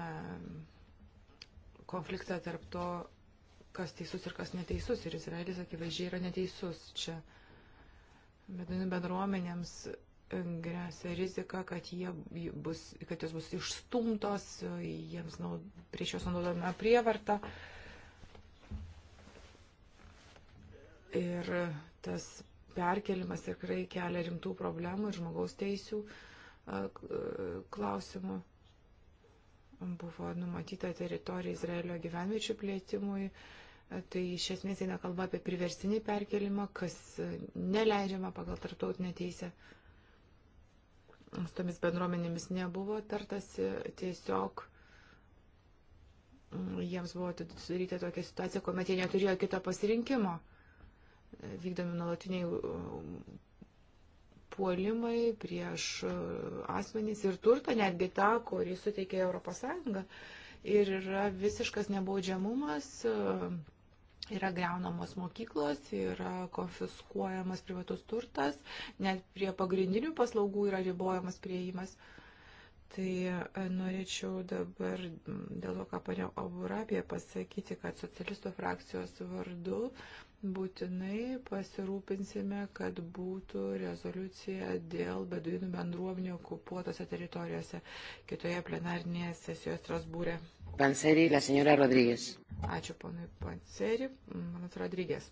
um, konfliktą tarp to, kas teisus ir kas neteisus. Ir Izraelis akivaizdžiai yra neteisus čia. Medinių bendruomenėms grėsia rizika, kad, jie bus, kad jos bus išstumtos, jiems naud, prieš juos naudojama prievarta. Uh, Ir tas perkelimas tikrai kelia rimtų problemų ir žmogaus teisų klausimų. Buvo numatyta teritorija Izraelio gyvenviečių plėtimui. Tai iš esmės eina kalba apie priversinį perkelimą, kas neleidžiama pagal tarptautinę teisę. Su tomis bendruomenėmis nebuvo tartasi, tiesiog mm, jiems buvo sudaryta tokia situacija, kuomet jie neturėjo kito pasirinkimo vykdomi nuolatiniai uh, puolimai prieš uh, asmenys ir turtą, netgi tą, kurį suteikė ES. Ir yra visiškas nebaudžiamumas, uh, yra greunamos mokyklos, yra konfiskuojamas privatus turtas, net prie pagrindinių paslaugų yra ribojamas prieimas. Tai norėčiau dabar mm, dėl to, ką panė Oburapė, pasakyti, kad socialistų frakcijos vardu būtinai pasirūpinsime, kad būtų rezoliucija dėl beduinų bendruomenių okupuotose teritorijose kitoje plenarnėje sesijoje Strasbūrė.
Panseri, la senora Rodrygės. Ačiū, ponai
Panseri, manas Rodrygės.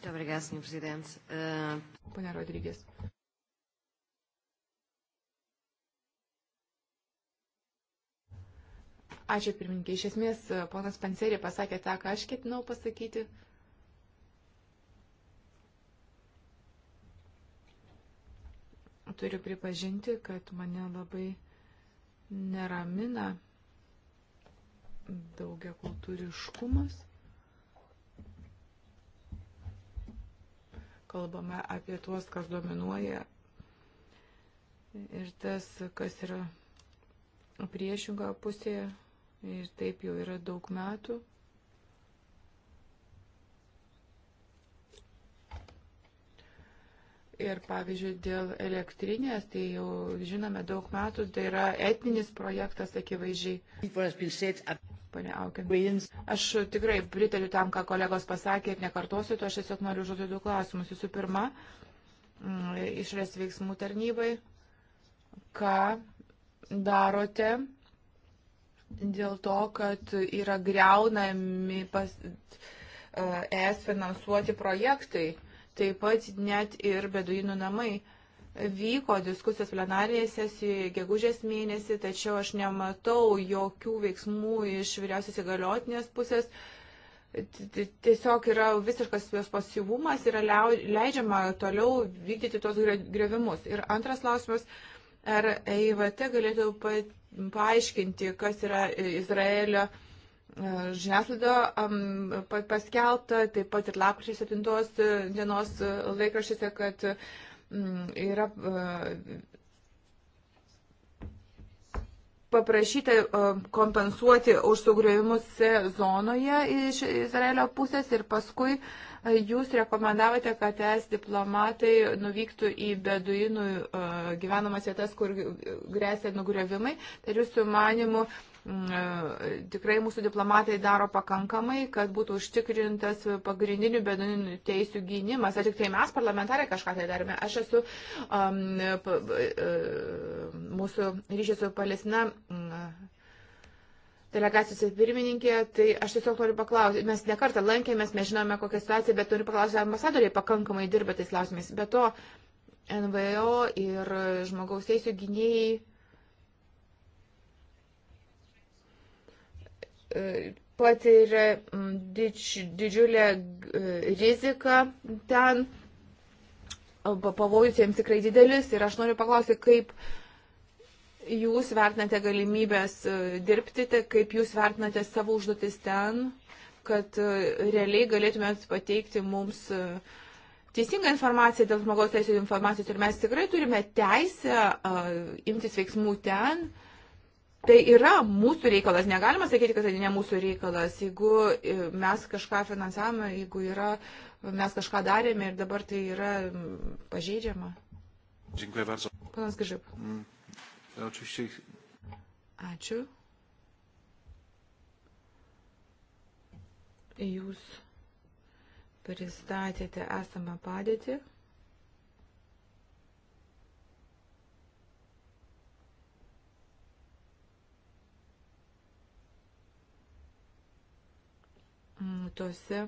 Obrigada, senhor presidente. Uh... Pane Rodrygės. Ačiū
pirmininkai. Iš esmės, e, ponas Panserė pasakė tą, ką aš ketinau pasakyti. Turiu pripažinti, kad mane labai neramina daugia kultūriškumas. Kalbame apie tuos, kas dominuoja ir tas, kas yra priešingoje pusėje ir taip jau yra daug metų. ir pavyzdžiui dėl elektrinės, tai jau žinome daug metų, tai yra etninis projektas akivaizdžiai. Pane Aukin, aš tikrai pritariu tam, ką kolegos pasakė ir nekartosiu, to aš tiesiog noriu žodžiu du klausimus. Visų pirma, mm, išrės veiksmų tarnybai, ką darote dėl to, kad yra greunami pas, ES e finansuoti projektai, taip pat net ir beduinų namai. Vyko diskusijos plenarėje sesijoje gegužės mėnesį, tačiau aš nematau jokių veiksmų iš vyriausios įgaliotinės pusės. Tiesiog yra visiškas jos pasivumas, yra leidžiama toliau vykdyti tos grevimus. Ir antras klausimas, ar EIVT galėtų pat paaiškinti, kas yra Izraelio e, žiniasklaido paskelbta, taip pat ir lapkričio 7 dienos laikraščiuose, kad mm, yra e, paprašyta e, kompensuoti už sugriovimus zonoje iš Izraelio pusės ir paskui uh, Jūs rekomendavote, kad es diplomatai nuvyktų į beduinų e, gyvenamas vietas, kur grėsia nugriovimai. Tai jūsų manimų e, tikrai mūsų diplomatai daro pakankamai, kad būtų užtikrintas pagrindinių beduinų teisų gynimas. Ar tik tai mes, parlamentarai, kažką tai darome? Aš esu um, mūsų ryšys su Palestina. Um, delegacijos pirmininkė, tai aš tiesiog noriu paklausti, mes nekartą lankėmės, mes žinome kokią situaciją, bet noriu paklausti, ambasadoriai pakankamai dirba tais klausimais. Be to, NVO ir žmogaus teisų gynėjai e, patiria didž, didžiulę e, riziką ten, pavojus jiems tikrai didelis ir aš noriu paklausti, kaip uh, jūs vertinate galimybės e, dirbti, tai kaip jūs vertinate savo užduotis ten, kad e, realiai galėtumėt pateikti mums e, teisingą informaciją dėl žmogaus teisų informacijos ir mes tikrai turime teisę uh, imtis veiksmų ten. Tai yra mūsų reikalas, negalima sakyti, kad tai ne mūsų reikalas. Jeigu mes kažką finansavome, jeigu yra, mes kažką darėme ir dabar tai yra pažeidžiama. Dziękuję bardzo. Panas Grzyb. Mm. Oczywiście. Ačiū. Jūs pristatėte esamą padėtį. Mm, tose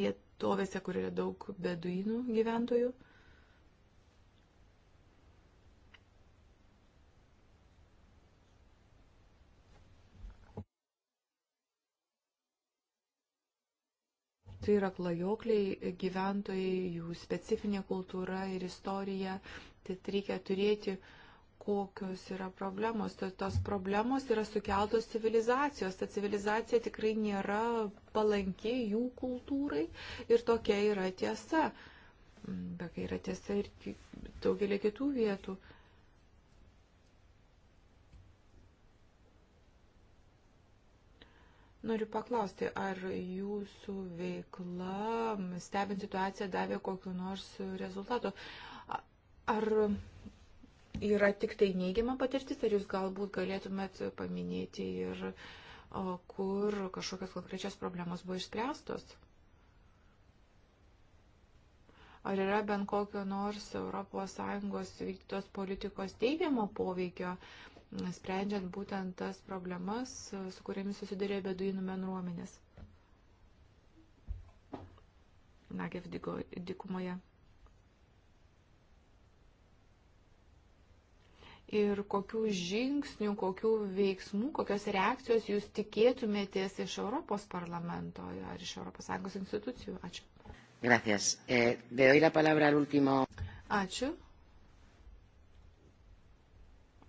vietovėse, kur yra daug beduinų gyventojų. Tai yra klajokliai, gyventojai, jų specifinė kultūra ir istorija. Tai reikia turėti, kokios yra problemos. Tos problemos yra sukeltos civilizacijos. Ta civilizacija tikrai nėra palanki jų kultūrai ir tokia yra tiesa. Tokia yra tiesa ir daugelį kitų vietų. Uh, Noriu paklausti, ar jūsų veikla, stebint situaciją, davė kokiu nors rezultatu? Ar yra tik tai neigiama patirtis, ar jūs galbūt galėtumėt paminėti ir kur kažkokios konkrečios problemos buvo išspręstos? Ar yra bent kokio nors ES vykdytos politikos teigiamo poveikio? Uh, sprendžiant būtent tas problemas, su kuriamis susidarė beduinų bendruomenės. Nagev dikumoje. ir kokių žingsnių, kokių veiksmų, kokios reakcijos jūs tikėtumėtės iš Europos parlamento ar iš ES institucijų. Ačiū.
Gracias. Eh, doy la palabra al último.
Ačiū.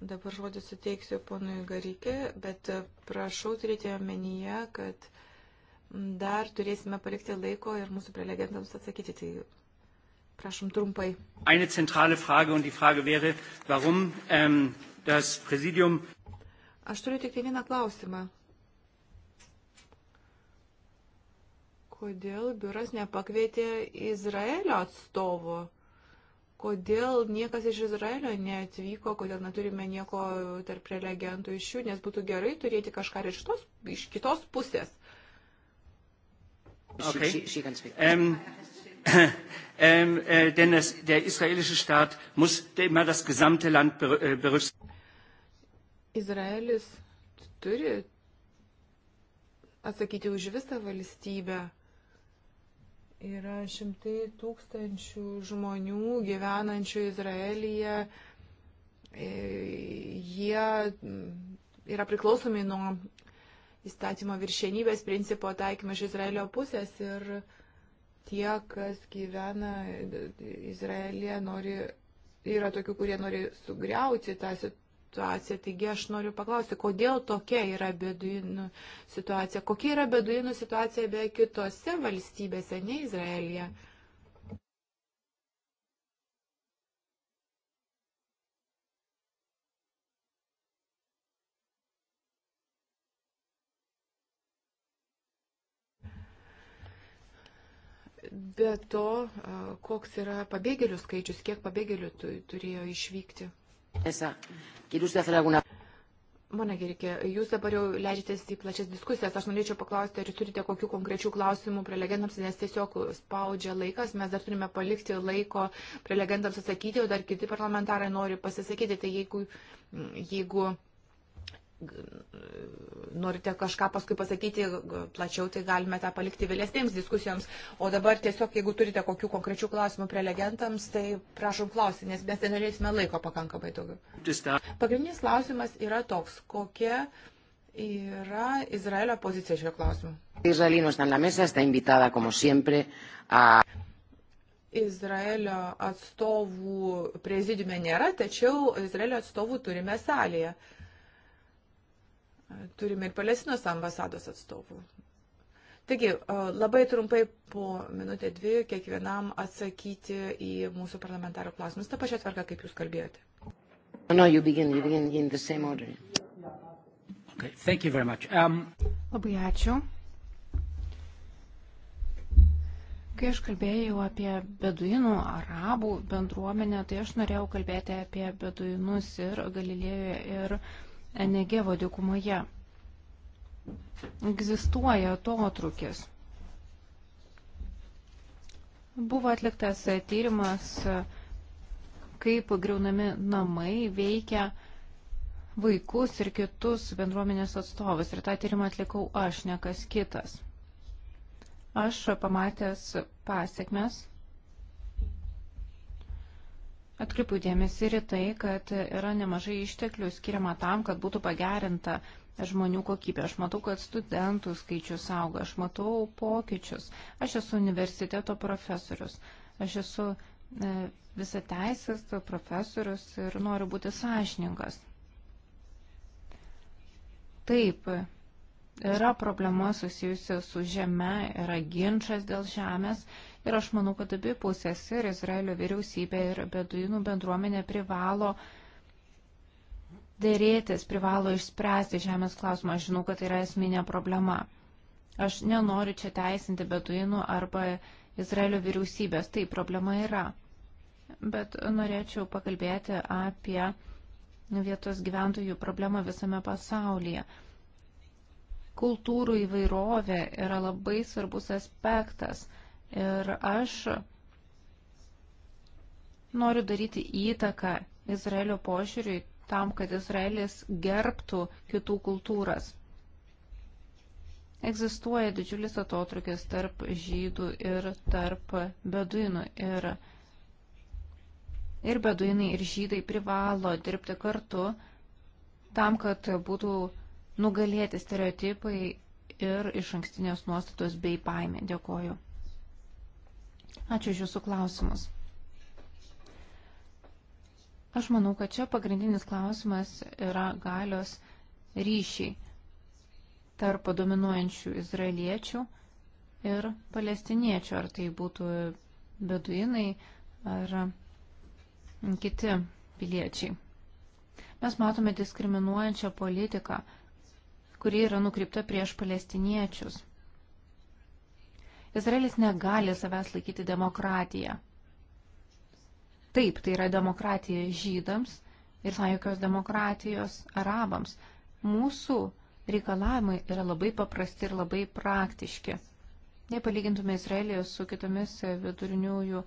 Dabar žodį suteiksiu ponui Garikė, bet prašau turėti omenyje, kad dar turėsime palikti laiko ir mūsų
prelegentams atsakyti. Tai
prašom trumpai.
Eine zentrale Frage und die Frage wäre, warum ähm, das Präsidium.
Aš turiu tik tai vieną klausimą. Kodėl biuras nepakvietė Izraelio atstovo? kodėl niekas iš Izraelio neatvyko, kodėl neturime nieko tarp prelegentų iš jų, nes būtų gerai turėti kažką iš, tos, iš kitos pusės.
Okay. She, she, she um,
ähm, äh, denn das, der israelische Staat muss immer das gesamte Land ber, äh, berücksichtigen.
Izraelis turi atsakyti už visą valstybę Yra šimtai tūkstančių žmonių gyvenančių Izraelyje. E, jie yra priklausomi nuo įstatymo viršienybės principo taikymą iš Izraelio pusės ir tie, kas gyvena Izraelyje, nori, yra tokių, kurie nori sugriauti tą situaciją situacija. Taigi aš noriu paklausti, kodėl tokia yra beduinų situacija? Kokia yra beduinų situacija be kitose valstybėse, ne
Izraelija?
Be to, koks yra pabėgėlių skaičius, kiek pabėgėlių turėjo išvykti? Mane Girikė, jūs dabar jau leidžiatės į plačias diskusijas. Aš norėčiau paklausti, ar turite kokių konkrečių klausimų prelegentams, nes tiesiog spaudžia laikas, mes dar turime palikti laiko prelegentams atsakyti, o dar kiti parlamentarai nori pasisakyti. Tai jeigu, jeigu norite kažką paskui pasakyti plačiau, tai galime tą palikti vėlesnėms diskusijoms. O dabar tiesiog, jeigu turite kokių konkrečių klausimų prelegentams, tai prašom klausti, nes mes nenorėsime laiko pakankamai
daugiau.
Pagrindinis klausimas yra toks, kokia yra Izraelio pozicija šio klausimu. Izraelio atstovų prezidiume nėra, tačiau Izraelio atstovų turime salėje. Turime ir Palestinos ambasados atstovų. Taigi, labai trumpai po minutę dvi kiekvienam atsakyti į mūsų parlamentarų klausimus. Ta pačia tvarka, kaip jūs kalbėjote.
No, you begin, you begin in the same order.
Okay, thank you very much. Um...
Labai ačiū. Kai aš kalbėjau apie beduinų, arabų bendruomenę, tai aš norėjau kalbėti apie beduinus ir Galilėjoje ir Enegevo dykumoje. Egzistuoja atotrukis. Buvo atliktas tyrimas, kaip greunami namai veikia vaikus ir kitus bendruomenės atstovus. Ir tą tyrimą atlikau aš, ne kas kitas. Aš pamatęs pasiekmes Atkreipiu dėmesį ir į tai, kad yra nemažai išteklių skiriama tam, kad būtų pagerinta žmonių kokybė. Aš matau, kad studentų skaičius auga, aš matau pokyčius. Aš esu universiteto profesorius, aš esu e, visą teisės profesorius ir noriu būti sąžininkas. Taip, Yra problema susijusi su žeme, yra ginčas dėl žemės ir aš manau, kad abi pusės ir Izraelio vyriausybė ir beduinų bendruomenė privalo dėrėtis, privalo išspręsti žemės klausimą. Aš žinau, kad tai yra esminė problema. Aš nenoriu čia teisinti beduinų arba Izraelio vyriausybės. Tai problema yra. Bet norėčiau pakalbėti apie vietos gyventojų problemą visame pasaulyje. Kultūrų įvairovė yra labai svarbus aspektas ir aš noriu daryti įtaką Izraelio požiūriui tam, kad Izraelis gerbtų kitų kultūras. Egzistuoja didžiulis atotrukis tarp žydų ir tarp beduinų. Ir, ir beduinai, ir žydai privalo dirbti kartu tam, kad būtų nugalėti stereotipai ir iš ankstinės nuostatos bei baimė. Dėkoju. Ačiū iš Jūsų klausimus. Aš manau, kad čia pagrindinis klausimas yra galios ryšiai tarp dominuojančių izraeliečių ir palestiniečių, ar tai būtų beduinai ar kiti piliečiai. Mes matome diskriminuojančią politiką kuri yra nukreipta prieš palestiniečius. Izraelis negali savęs laikyti demokratiją. Taip, tai yra demokratija žydams ir jokios demokratijos arabams. Mūsų reikalavimai yra labai paprasti ir labai praktiški. Jei palygintume Izraelį su kitomis viduriniųjų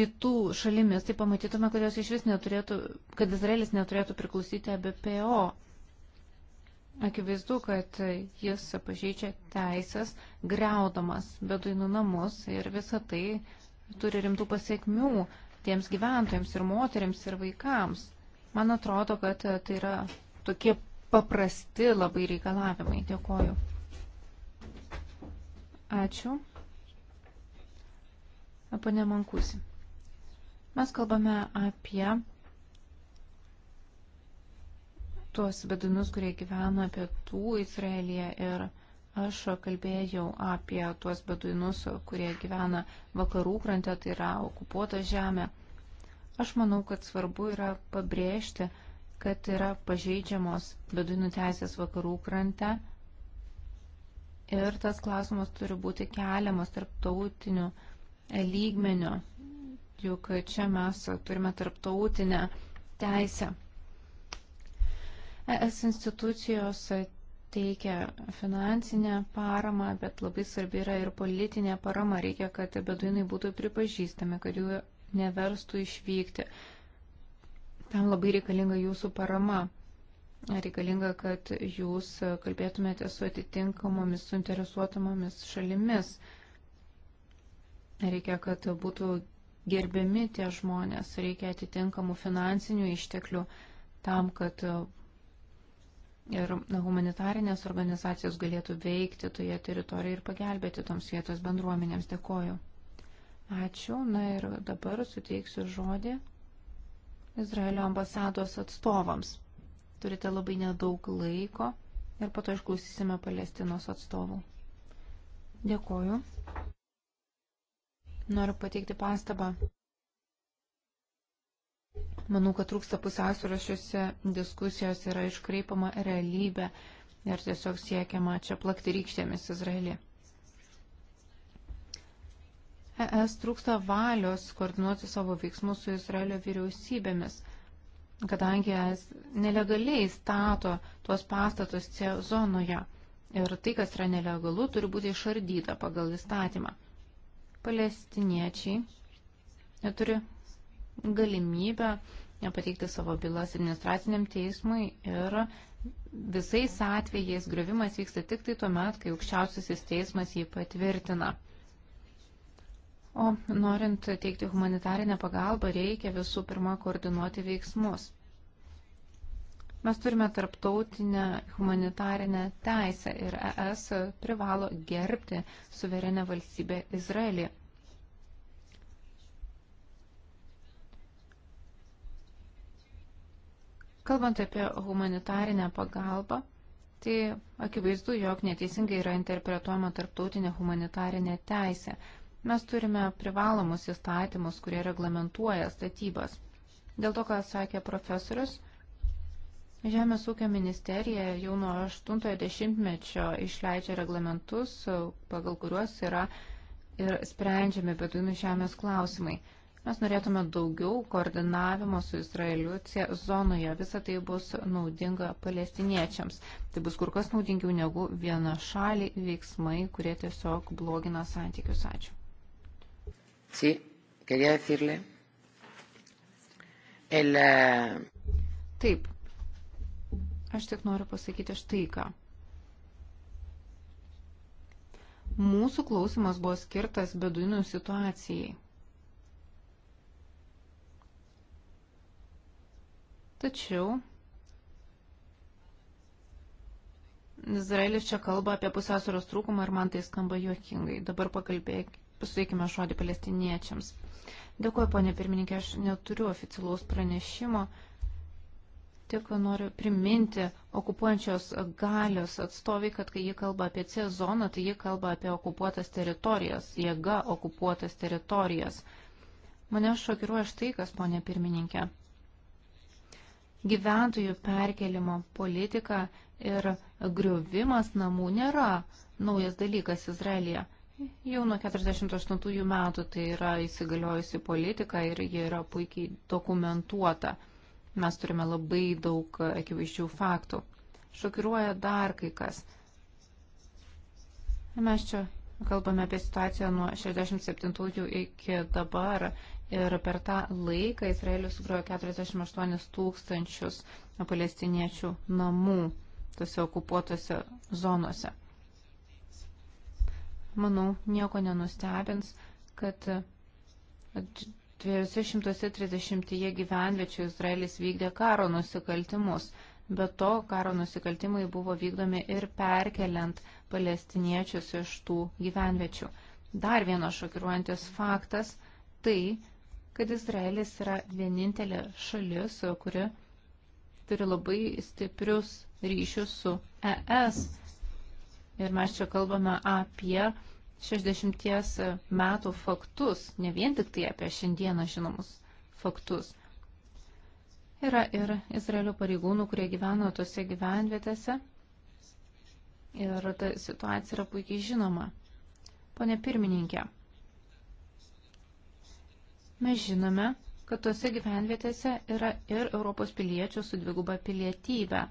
rytų šalimis, tai pamatytume, kad, jos iš vis neturėtų, kad Izraelis neturėtų priklausyti ABPO. Akivaizdu, kad jis pažeidžia teisės, greudamas beduinų namus ir visa tai turi rimtų pasiekmių tiems gyventojams ir moteriams ir vaikams. Man atrodo, kad tai yra tokie paprasti labai reikalavimai. Dėkoju. Ačiū. Pane Mankusi. Mes kalbame apie tuos bedinus, kurie gyvena pietų Izraelyje ir aš kalbėjau apie tuos beduinus, kurie gyvena vakarų krante, tai yra okupuota žemė. Aš manau, kad svarbu yra pabrėžti, kad yra pažeidžiamos beduinų teisės vakarų krante ir tas klausimas turi būti keliamas tarptautiniu lygmeniu, juk čia mes turime tarptautinę teisę. ES institucijos teikia finansinę paramą, bet labai svarbi yra ir politinė parama. Reikia, kad beduinai būtų pripažįstami, kad jų neverstų išvykti. Tam labai reikalinga jūsų parama. Reikalinga, kad jūs kalbėtumėte su atitinkamomis, suinteresuotamomis šalimis. Reikia, kad būtų gerbiami tie žmonės, reikia atitinkamų finansinių išteklių tam, kad ir humanitarinės organizacijos galėtų veikti toje teritorijoje ir pagelbėti toms vietos bendruomenėms. Dėkoju. Ačiū. Na ir dabar suteiksiu žodį Izraelio ambasados atstovams. Turite labai nedaug laiko ir po to išklausysime Palestinos atstovų. Dėkoju. Noriu pateikti pastabą. Manau, kad trūksta pusiausvėros šiuose diskusijos yra iškreipama realybė ir tiesiog siekiama čia plakti rykštėmis Izraelį. ES trūksta valios koordinuoti savo veiksmus su Izraelio vyriausybėmis, kadangi ES nelegaliai stato tuos pastatus C zonoje ir tai, kas yra nelegalu, turi būti išardyta pagal įstatymą. Palestiniečiai turi galimybę pateikti savo bylas administraciniam teismui ir visais atvejais gravimas vyksta tik tai tuo met, kai aukščiausiasis teismas jį patvirtina. O norint teikti humanitarinę pagalbą, reikia visų pirma koordinuoti veiksmus. Mes turime tarptautinę humanitarinę teisę ir ES privalo gerbti suverenę valstybę Izraelį. Kalbant apie humanitarinę pagalbą, tai akivaizdu, jog neteisingai yra interpretuojama tarptautinė humanitarinė teisė. Mes turime privalomus įstatymus, kurie reglamentuoja statybas. Dėl to, ką sakė profesorius, Žemės ūkio ministerija jau nuo 80-mečio išleidžia reglamentus, pagal kuriuos yra ir sprendžiami beduinų žemės klausimai. Mes norėtume daugiau koordinavimo su Izraeliu zonoje. Visą tai bus naudinga palestiniečiams. Tai bus kur kas naudingiau negu viena šaliai veiksmai, kurie tiesiog blogina santykius. Ačiū.
Sí, quería decirle. El, uh...
Taip. Aš tik noriu pasakyti štai ką. Mūsų klausimas buvo skirtas beduinų situacijai. Tačiau Izraelis čia kalba apie pusiausvėros trūkumą ir man tai skamba juokingai. Dabar pakalbėkime, pasveikime žodį palestiniečiams. Dėkuoju, ponė pirmininkė, aš neturiu oficialaus pranešimo, tik noriu priminti okupuojančios galios atstoviai, kad kai jie kalba apie C zoną, tai jie kalba apie okupuotas teritorijas, jėga okupuotas teritorijas. Mane šokiruoja štai kas, ponė pirmininkė. Gyventojų perkelimo politika ir griovimas namų nėra naujas dalykas Izraelija. Jau nuo 48 metų tai yra įsigaliojusi politika ir ji yra puikiai dokumentuota. Mes turime labai daug akivaizdžių faktų. Šokiruoja dar kai kas. Mes čia Kalbame apie situaciją nuo 67-ųjų iki dabar. Ir per tą laiką Izraelis sugrojo 48 tūkstančius palestiniečių namų tose okupuotose zonose. Manau, nieko nenustebins, kad 230 gyvenviečių Izraelis vykdė karo nusikaltimus. Be to, karo nusikaltimai buvo vykdomi ir perkeliant palestiniečius iš tų gyvenviečių. Dar vienas šokiruojantis faktas - tai, kad Izraelis yra vienintelė šalis, kuri turi labai stiprius ryšius su ES. Ir mes čia kalbame apie 60 metų faktus, ne vien tik tai apie šiandieną žinomus faktus. Yra ir Izraelio pareigūnų, kurie gyveno tose gyvenvietėse ir ta situacija yra puikiai žinoma. Pone pirmininkė, mes žinome, kad tose gyvenvietėse yra ir Europos piliečių su dviguba pilietybė.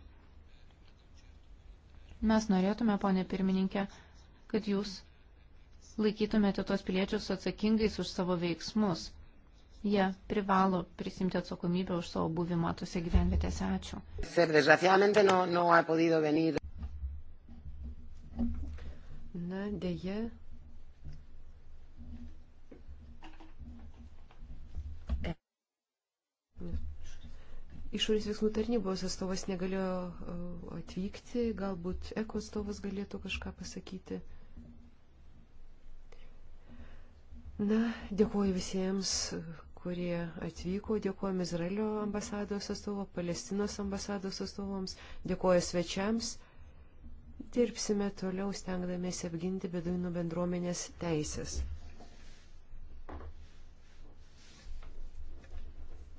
Mes norėtume, ponė pirmininkė, kad jūs laikytumėte tos piliečius atsakingais už savo veiksmus. Jie privalo prisimti atsakomybę už savo buvimą tose gyvenvietėse. Ačiū.
Na, dėje.
Išorės veiksmų tarnybos atstovas negalėjo uh, atvykti, galbūt eko atstovas galėtų kažką pasakyti. Na, dėkuoju visiems, kurie atvyko. Dėkojame Izraelio ambasados atstovo, Palestinos ambasados atstovams, dėkoju svečiams. Dirbsime toliau, stengdamėsi apginti beduinų bendruomenės teisės.